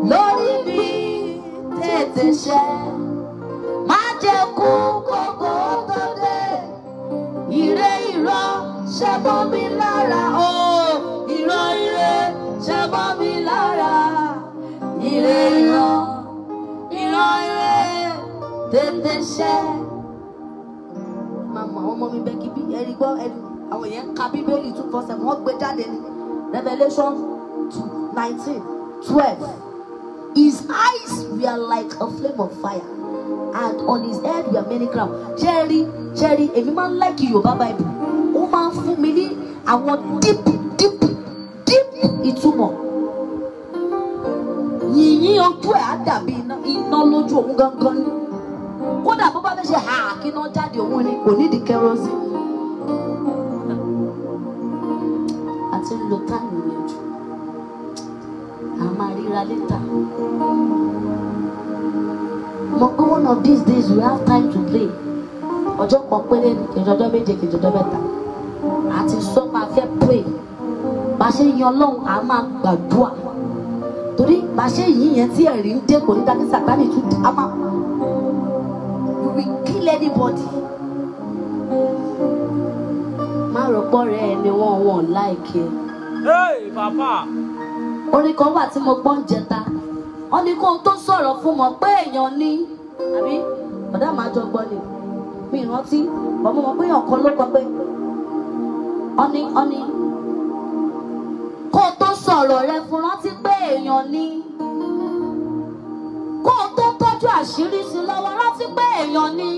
Speaker 1: lórí mi tètè ṣẹ má jẹ́
Speaker 2: kú kókó tó dé ire ìrọ̀ ṣẹ́ bọ́ mi lára o ìrọ̀ ire ṣe bọ́ mi lára
Speaker 1: ire ìran ìran ire tètè ṣẹ. Revelation two 12. his eyes were like a flame of fire and on his head were many crowns. Jerry, Jerry, rí man like you, èmi Bible woman, máa ń fún mi deep deep ìtumọ̀ yìnyín ojú ẹ̀ á dàbí iná lójú òun gangan ni kódà bó bá fẹ́ ṣe hà kí iná jáde òun ni kò nídìí kẹrọsì àti ń lo táìmù yẹn jù a máa ríra létà mo pé one of these days we have time to play ọjọ́ kan péré kejì ọjọ́ méje kejì ọjọ́ mẹ́ta àti sọ ma fẹ́ pray bá ṣe yan ọlọ́run a máa gbàdúrà torí bá ṣe yìí yẹn tí ẹ̀rí ń dé ní dákí sàtánì tún a máa you will kill anybody má rọpò rẹ ni wọn wọn láìkẹ. orin kan wà tí mo gbọ́ ń jẹta wọn ní kóhun tó sọ̀rọ̀ fún wọn pé èèyàn ni àbí ọ̀dà máa jọ gbọ́ ni mi rántí ọmọ wọn pé ọ̀kan ló kọ pé ọ́ni ọ́ni kó o tó sọ̀rọ̀ rẹ fún rántí pé èèyàn ni kó o tó tọ́jú àṣírí sí lọ́wọ́ rántí pé èèyàn ni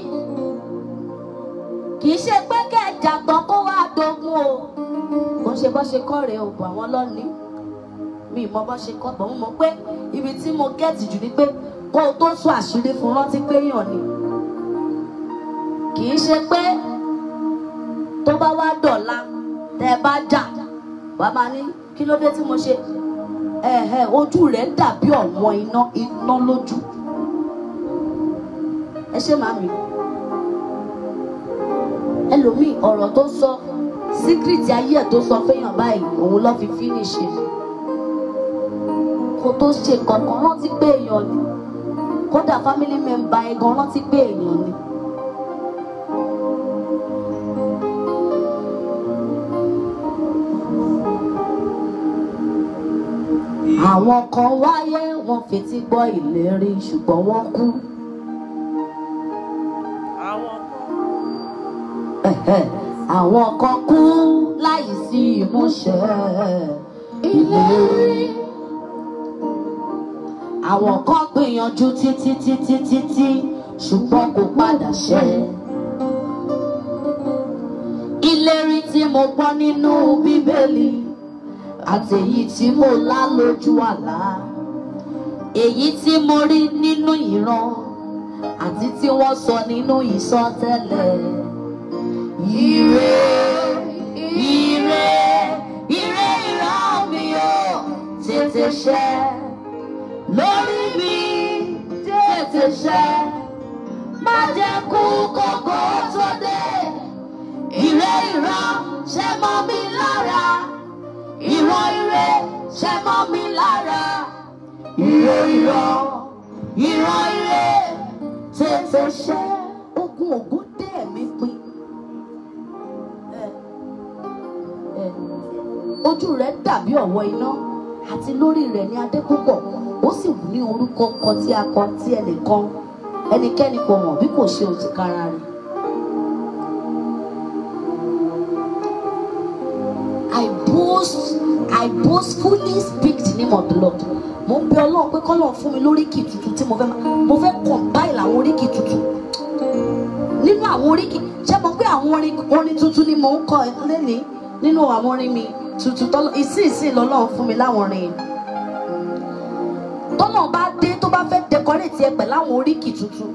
Speaker 1: kì í ṣe pé kẹjà tán kó wá dogun o kò ń ṣe bọ́ ṣe kọ́ rẹ̀ òògùn àwọn lọ́ni mi mọ bọ́ ṣe kọ́ bọ̀n mọ̀ pé ibi tí mo gẹ́ẹ̀tì jù ni pé kó o tó sọ àṣírí fún rántí pé èèyàn ni kì í ṣe pé tó bá wá dọ̀la tẹ́ bá jà wàá máa ní kí ló dé tí mo ṣe ẹ̀hẹ̀ ojú rẹ̀ ń dàbí ọ̀wọ́n iná iná lójú ẹ ṣe màmí ẹlòmíì ọ̀rọ̀ tó sọ síkírìtì ayé ẹ̀ tó sọ fẹ́yàn báyìí òun ló fi fínísì kó tó ṣe kankan rántí pé èèyàn ni kódà family member ẹ̀ gan rántí pé èèyàn ni. àwọn kan wáyé wọ́n fetí gbọ́ ìlérí ṣùgbọ́n wọ́n kú. àwọn kan kú láì sí ìmúṣẹ
Speaker 2: ìlérí.
Speaker 1: àwọn kan gbìyànjú títí títí títí ṣùgbọ́n kò padà ṣẹ. ìlérí tí mo gbọ́ nínú bíbélì àtèyí tí mo lá lójú àlá èyí tí mo rí nínú ìran àti tí wọ́n sọ nínú ìsọtẹ́lẹ̀. Ire
Speaker 2: ire ire ìran mi o
Speaker 1: tètè ṣẹ lórí mi tètè ṣẹ má jẹ́
Speaker 2: kú kókó tó dé
Speaker 1: ire ìran ṣẹ mọ́ mi lára ìwọ ire ṣẹ mọ́ mi lára
Speaker 2: ìró ìró ìran
Speaker 1: ire tètè ṣẹ ogun ògún dé mi pin ojú rẹ̀ dàbí ọ̀wọ́ iná àti lórí rẹ̀ ní adé púpọ̀ ó sì ní orúkọ kan tí a kọ tí ẹnìkan ẹnikẹ́ni kò mọ̀ bí kò ṣe òtìkára rẹ̀. I boast I boast, fully speak the name of the Lord mo ń bẹ Ọlọ́run pé kọ́lọ́run fún mi lóríkì tuntun tí mo fẹ́ mo fẹ́ compile àwọn oríkì tuntun nínú àwọn oríkì ṣé mo pé àwọn orin tuntun ni mo ń kọ lẹ́nìí nínú àwọn orin mi tuntun tọ́lọ́ ìsìnsìn lọ́lọ́run fún mi láwọn orin yìí tọ́lọ́ bá dé tó bá fẹ́ dẹkọrẹ́tì ẹ pẹ̀lú àwọn oríkì tuntun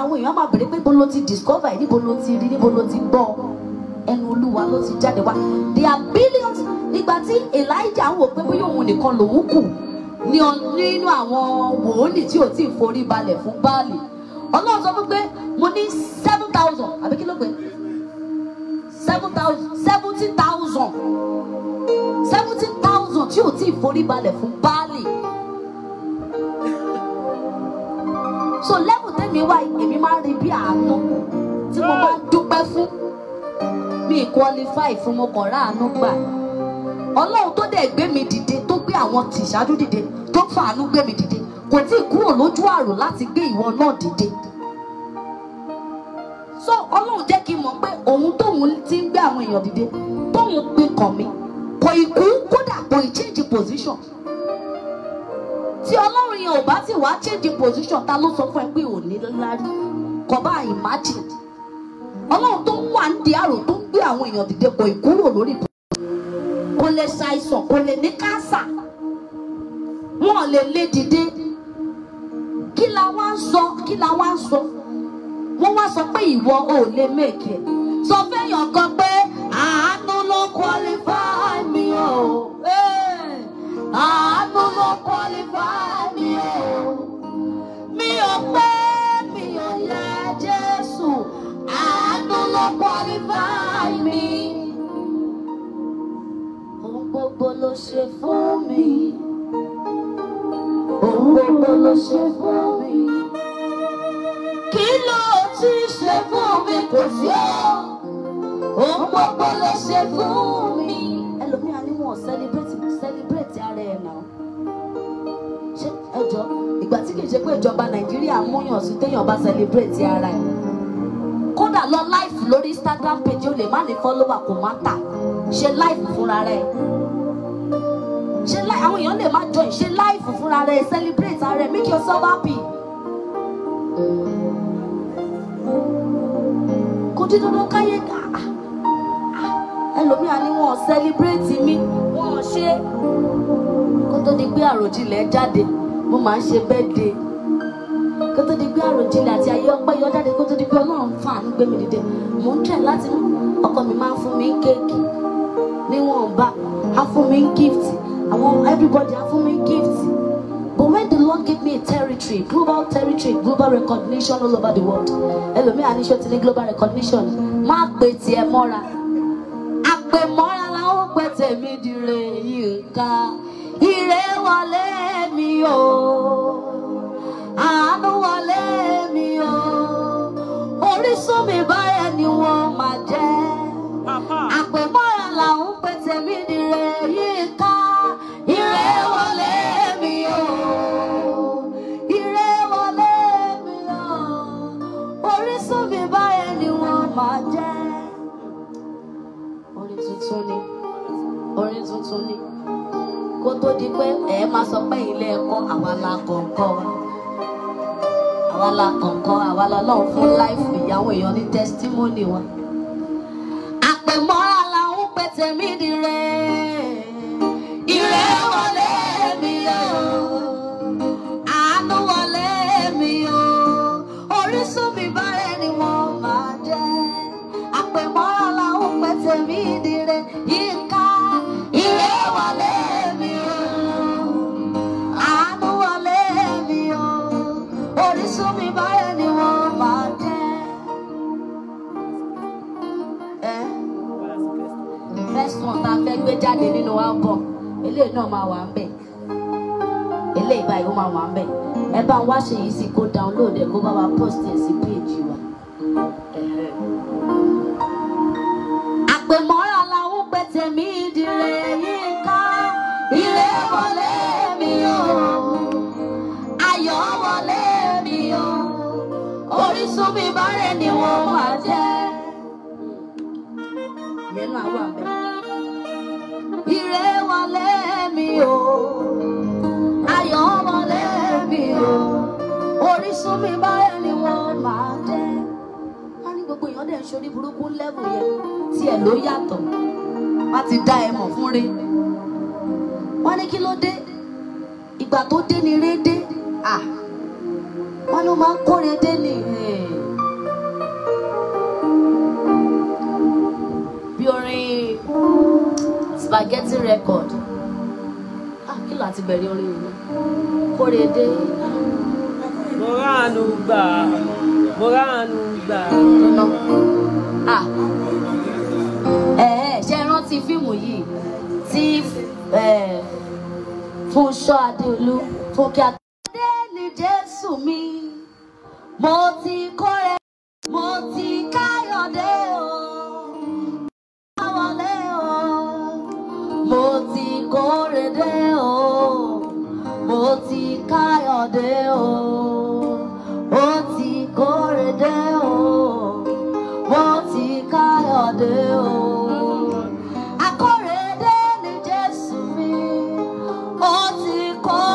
Speaker 1: àwọn èèyàn máa bèrè pé bó ló ti discover ẹ̀ níbo ló ti rí níbo ló ti gbọ́ ọ ẹnu olúwa ló ti jáde wá there are billions nígbà tí Elijah ń wò pé bóyá òun nìkan lòun kù ní nínú àwọn wòólì tí ò tí ì forí balẹ̀ fún Báàlì ọlọ́run sọ fún pé mo ní seven thousand àbí kí ló pé thousand seventy thousand seventy thousand tí ò tí ì forí balẹ̀ fún Báàlì. so lẹ́bùn tẹ́mi wá èmi máa ń rí bí àánú tí mo máa ń dúpẹ́ fún mi qualify fún mo kàn ráàánú gbà ọlọ́run tó dẹ̀ gbé mi dìde tó gbé àwọn tìṣáájú dìde tó fàánú gbé mi dìde kò tí ì kúrò lójú àrò láti gbé ìwọ náà dìde so ọlọ́run jẹ́ kí n mọ̀ pé òun tóun ti ń gbé àwọn èèyàn dìde tóun pin kàn mí kò ì kú kódà kò ì change position tí ọlọ́run yẹn ò bá ti wá change position ta ló sọ fún ẹ pé ò ní lárí kò bá imagine ọlọ́run tó ń wà ń di àrò tó ń gbé àwọn èèyàn dìde kò ì kúrò lórí ìbùdó kò lè ṣàìsàn kò lè ní káńsà wọn lè lé dìde kí la wá ń sọ kí la wá ń sọ wọ́n wá sọ pé ìwọ ò lè mèkè sọ fẹ́yàn kan pé àánú ló qualify mi o àánú ló qualify mi o mi ò pé. that qualify me. Oh, gbogbo ló ṣe fún mi.
Speaker 2: Ohun gbogbo ló ṣe fún mi. Kí ló ti ṣe fún mi kò sí ọ́? Ohun gbogbo ló ṣe fún
Speaker 1: mi. Ẹlòmíà ni wọ́n celebrate celebrate ara ẹ̀ náà. Ṣé ẹjọ́ ìgbà tí kìí ṣe pé ìjọba Nàìjíríà múyàn sí téèyàn bá celebrate ara ẹ̀? kódà lọ láìfù lórí instagram page ó lè má ní fọ́lọ́wà kò má tà ṣe láìfù fúnra rẹ̀ ṣe láì àwọn èèyàn lè má join ṣe láìfù fúnra rẹ̀ celebrate ara make yourself happy. kò dín dandan káyé ká ẹlòmíà ni wọn celebrate mi wọn ṣe kó tó di pé àròjinlẹ̀ jáde mo máa ń ṣe birthday kó tó di pé àròjinlẹ̀ àti ayé ọpẹ́ yọ jáde kó tó di pé ọlọ́run fún àánú gbé mi dìde mò ń tẹ̀ láti mú ọkọ mi máa ń fún mi kéèkì níwọ̀nba á fún mi gift àwọn everybody á fún mi gift but when the Lord gave me a territory global territory global recognition all over the world ẹlòmíì àníṣe ti ní global recognition má pè tiẹ̀ mọ́ra àpè mọ́ra làwọn pẹ̀tẹ̀ mi dire yìí ká ire wọlé mi o àánú wọlé mi o orísun mi báyẹn ni wọ́n máa jẹ́ àpèmọ́ra làwọn ń pè tèmi nìre yìí ká ire wọlé mi o ire wọlé mi o orísun mi báyẹn ni wọ́n máa jẹ́ orin tuntun ni orin tuntun ni kó tó di pé ẹ máa sọ pé ilé ẹ̀kọ́ àwa la kọ̀ọ̀kan àwa la kọ̀ọ̀kan àwa lọ́lọ́run fún láìfù ìyàwó èèyàn ní tẹ́sítímọ́nì wa. àpèmọ́ra la ń pe tèmi nìre ire wọlé mi o àánú wọlé mi o orísun mi bára ẹni wọn máa jẹ àpèmọ́ra la ń pe tèmi nìre yíká. jáde nínú alcohol eléyìí náà máa wà ń bẹ̀ eléyìí báyìí ó máa wà ń bẹ̀ ẹ bá ń wá ṣe yìí sí kó download ẹ kó bá wa post ẹ sí page wa. àpèmọ́ra làwọn pẹ̀tẹ̀ mi ìdílé yìí ká ilé wọlé mi o ayọ̀ wọlé mi o orísun mi bá rẹ̀ ni wọ́n wà. sún mi báyà ni wọ́n máa dẹ́ wọ́n ní gbogbo èèyàn dẹ̀ ń ṣorí burúkú lẹ́bù yẹn tiẹ̀ ló yàtọ̀ wọ́n ti dá ẹ mọ̀ fún re wọ́n ní kí ló dé ìgbà tó dé ni re dé à wọ́n ló máa ń kóre dé ni bí orin spaghetti record kí ló àti bẹ̀rẹ̀ orin yìí kóre dé mo ránu gbà mo ránu gbà. Ah. ṣe rántí fíìmù yìí tí Fúnṣọ́ Adéolú Fúnkẹ́ Adé ni Jésù mi mo ti kórè mo ti káyọ̀dé o mo wọlé o mo ti kórè dé o mo ti káyọ̀dé o wọ́n ti o wọ́n ti káyọ̀ o. Akórèdé ni Jésù mi, ó ti o.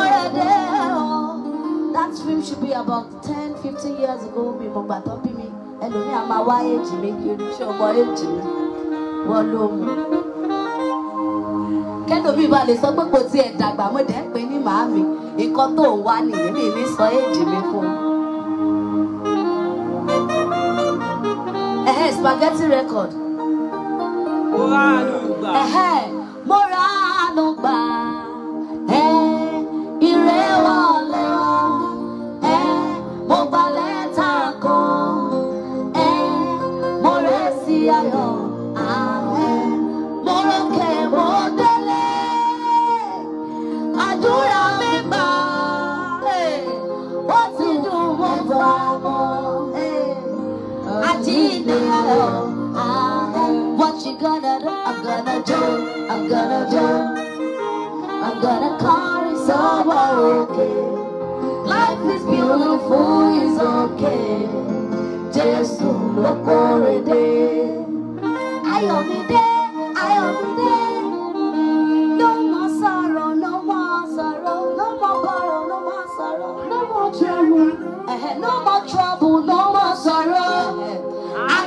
Speaker 1: That dream should be about ten fifteen years ago mi mo gbà tó mi ẹlòmíì mi kiri ṣé mi wọ́n ló mu. kẹ́lòmí bá lè sọ pé kò tiẹ̀ dàgbà mo dẹ̀ ń pè ní màámi nǹkan tó ń nìyẹn mi ní sọ èjì mi fún un. ẹ̀hẹ́ spaghetti record. mo ra àánú gbà. What you gonna do? I'm gonna do, I'm gonna do. I'm gonna call it
Speaker 2: so okay.
Speaker 1: Life is beautiful, it's okay. Just to look for a day. I only day, I only day. No more sorrow, no more sorrow, no more no more sorrow, no more
Speaker 2: trouble,
Speaker 1: eh, eh, no more trouble, no more sorrow. I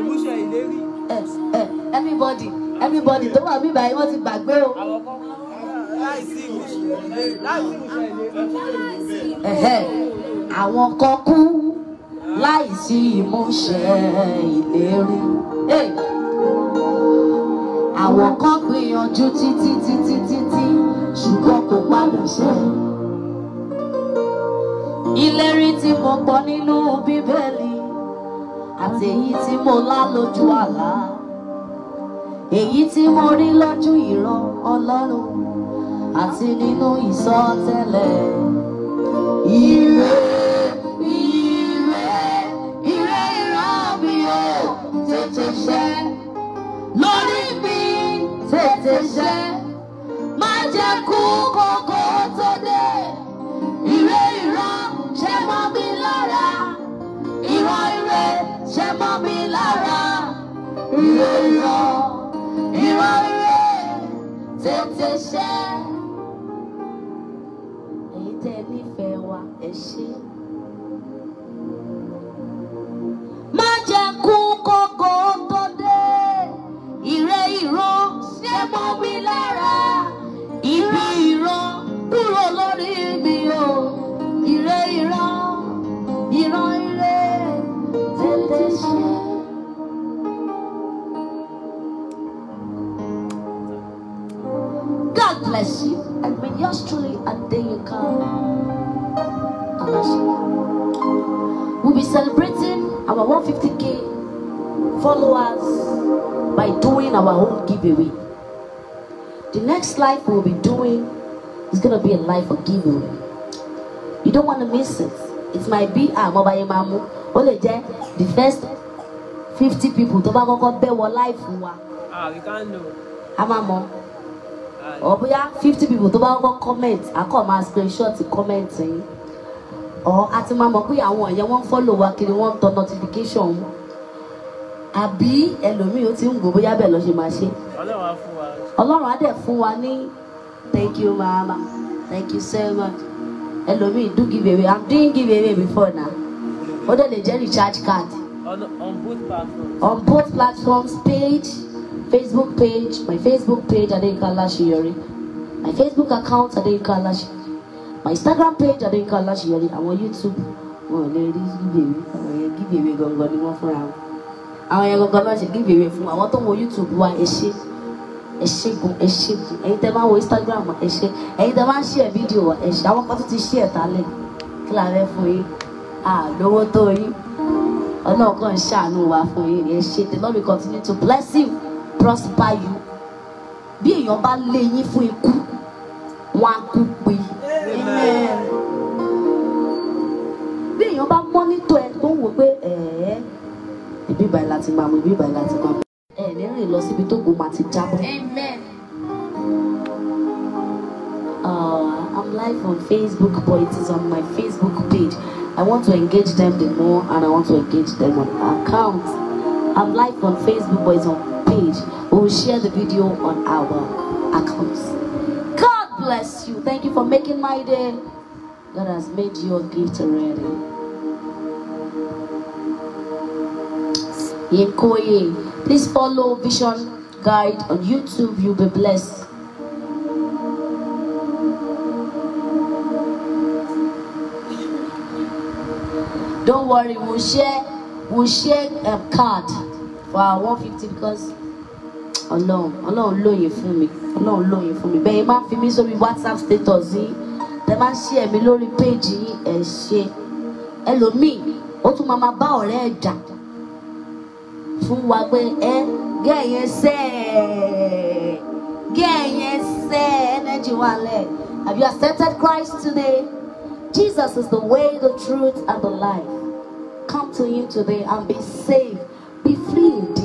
Speaker 1: everybody everybody tó wà bíbá yìí wọ́n ti gbàgbé o. àwọn kan kú láìsí ìmúṣẹ ìlérí. àwọn kan gbìyànjú títí títí títí ṣùgbọ́n kò padà ṣe. ìlérí tí mo gbọ́ nínú bíbélì àti èyí tí mo lá lójú àlá èyí tí mo rí lójú ìran ọlọ́run àti nínú ìsọtẹ́lẹ̀.
Speaker 2: Ire ire ire ìran mi ò tètè ṣẹ lórí mi tètè
Speaker 1: ṣẹ má jẹ́ kú kókó tó dé ire ìran ṣe mọ́ mi lára ìran ire ṣe mọ́
Speaker 2: mi lára ire ìran
Speaker 1: ìwọ yé tètè ṣe èyí tẹ́ nífẹ̀ẹ́ wa ẹ ṣe. má jẹ́ kú kókó tó dé ìrẹ́ mo wí lára. bless you. And when yours truly and then you come, We'll be celebrating our 150k followers by doing our own giveaway. The next life we'll be doing is gonna be a life of giveaway. You don't wanna miss it. It might be our ah, mobile mamu. Only the first 50 people. to Ah, you can't know. I'm a mom. or bóyá fifty people tó bá kọ́ comment akọ́ máa screenshot comment yín or a ti máa mọ̀ pé àwọn ẹ̀yẹ wọ́n ń follow wa kiri wọ́n ń tọ notification Abi àbí ẹlòmíì ó ti ń gbò bóyá bẹ́ẹ̀ lọ ṣe máa ṣe ọlọ́run á fún wa ní thank you mama thank you so much ẹlòmíì do give away i'm doing give away before now ó dẹ̀ lè jẹ́ recharge card
Speaker 3: on, on both
Speaker 2: platforms
Speaker 1: on both platforms page. Facebook page, my Facebook page Adeyinka Aláṣeyọrí, my Facebook account Adeyinka Aláṣeyọrí, my Instagram page Adeyinka Aláṣeyọrí, àwọn YouTube Oh, ò lè rí gíbèwé àwọn yẹn gíbèwé gangan ni wọ́n fúnra wọn. Àwọn yẹn gangan náà ṣe gíbèwé fún àwọn tó ń wo YouTube wa ẹ ṣé ẹ ṣé gan ẹ ṣé gan ẹ̀yin tẹ́ máa ń wo Instagram ẹ ṣé ẹ̀yin tẹ́ máa ń share fídíò wa ẹ ṣé àwọn kan tó ti share tálẹ̀ kí la fẹ́ fún yín àlówó tó yín ọlọ́ọ̀kan ṣàánú wa fún yín ẹ ṣé the Lord will continue to bless you. prosper you amen tó tó amen. Uh, I'm live on Facebook, but it is on my Facebook page. I want to engage them the more, and I want to engage them on account. I'm live on Facebook, but it's on page we'll share the video on our accounts. God bless you. Thank you for making my day. God has made your gift ready. Yekoye. Please follow Vision Guide on YouTube. You'll be blessed. Don't worry, we'll share, we'll share a um, card for our 150 because ọlọ́run ọlọ́run lóye fún mi ọlọ́run lóye fún mi bẹ́ẹ̀ bá fi mí sórí whatsapp status yìí tẹ bá ṣí ẹ̀mí lórí péjì yìí ẹ̀ ṣe ẹlòmíì ó tún máa máa bá ọ̀rẹ́ ẹ̀ jà fún wa pé ẹ gẹ́ ẹ̀yẹn sẹ́ ẹ̀ gẹ́ ẹ̀yẹn sẹ́ ẹ̀ energy wà lẹ̀ have you accepted Christ today Jesus is the way the truth and the life come to him today and be saved be freed.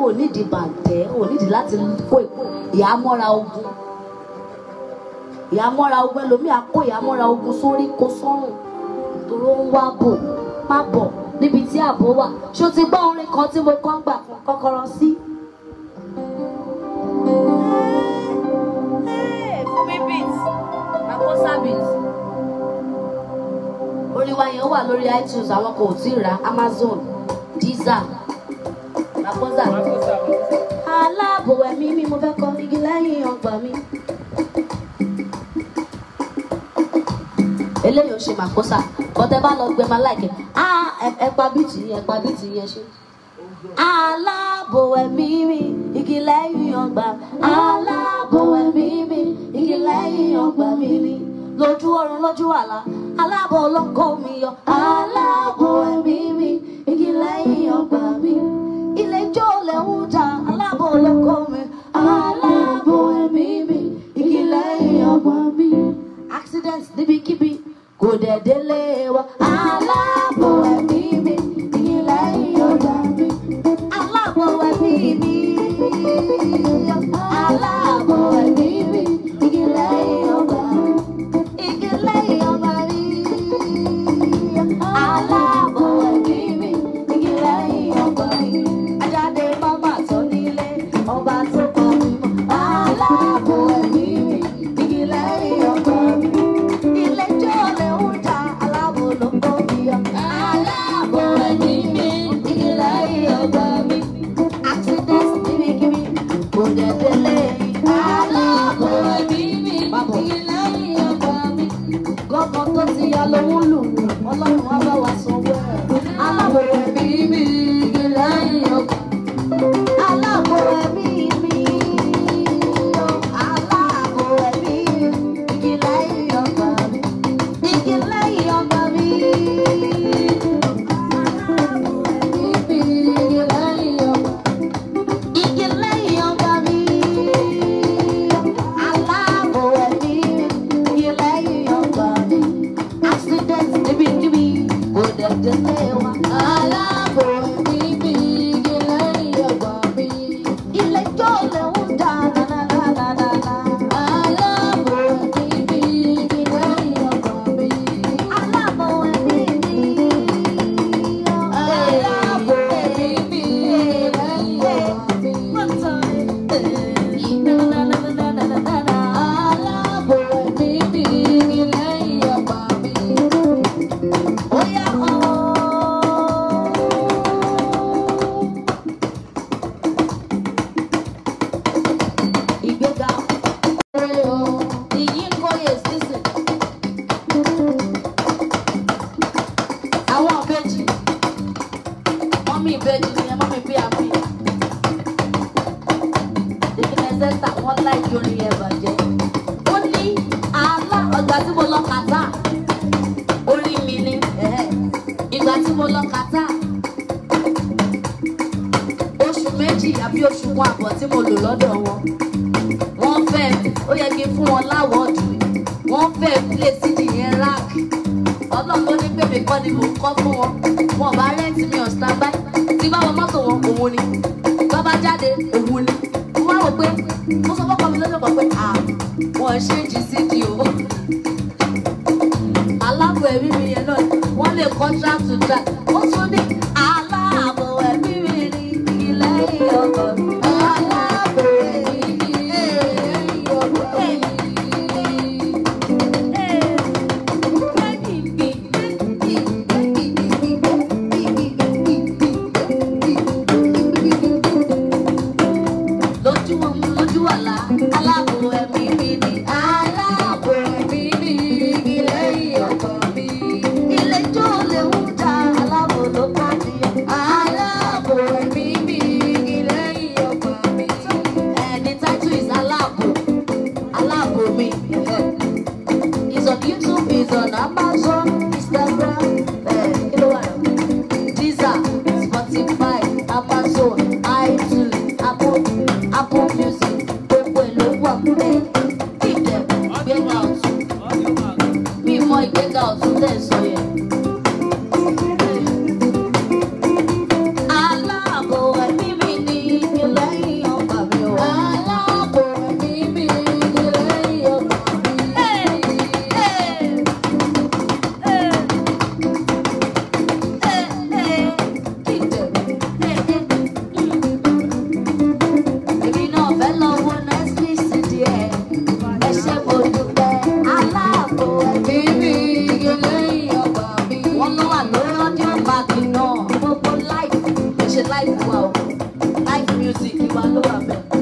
Speaker 1: ò nídìí bàǹtẹ́ ò nídìí láti kó ìyàmọ́ra ogun ìyàmọ́ra ogun ẹlòmíà kó ìyàmọ́ra ogun sórí kó sọ́rùn tòró ń wá bò má bọ̀ níbi tí ààbò wà ṣó ti gbọ́ orin kan tí mo kàn gbà fún kọ́kọ́rọ́ sí. orin wa yẹn wà lórí iTunes àwọn kò tí ì ra Amazon Deezer àkóso aláàbò ẹ̀mí mi mo fẹ́ kọ́ igi lẹ́yìn ọgbà mi. eléyìí ò ṣe màkósa kọtẹ bá lọ gbẹmọ aláìkẹ á ẹpa bíìtì yẹn ẹpa bíìtì yẹn ṣe. aláàbò ẹ̀mí mi igi lẹ́yìn ọgbà aláàbò ẹ̀mí mi igi lẹ́yìn ọgbà mi ni lójú ọ̀run lójú àlá aláàbò ọlọ́kọ̀ mi yọ aláàbò ẹ̀mí mi igi lẹ́yìn ọgbà mi ilé le lẹ̀ ń jà alábò olóko mi alábò mi ìkìlẹ̀ ìyọ̀gbọ̀ mi. accident níbikíbi kò dẹ̀ délé wa alábò mi. music, you want to it.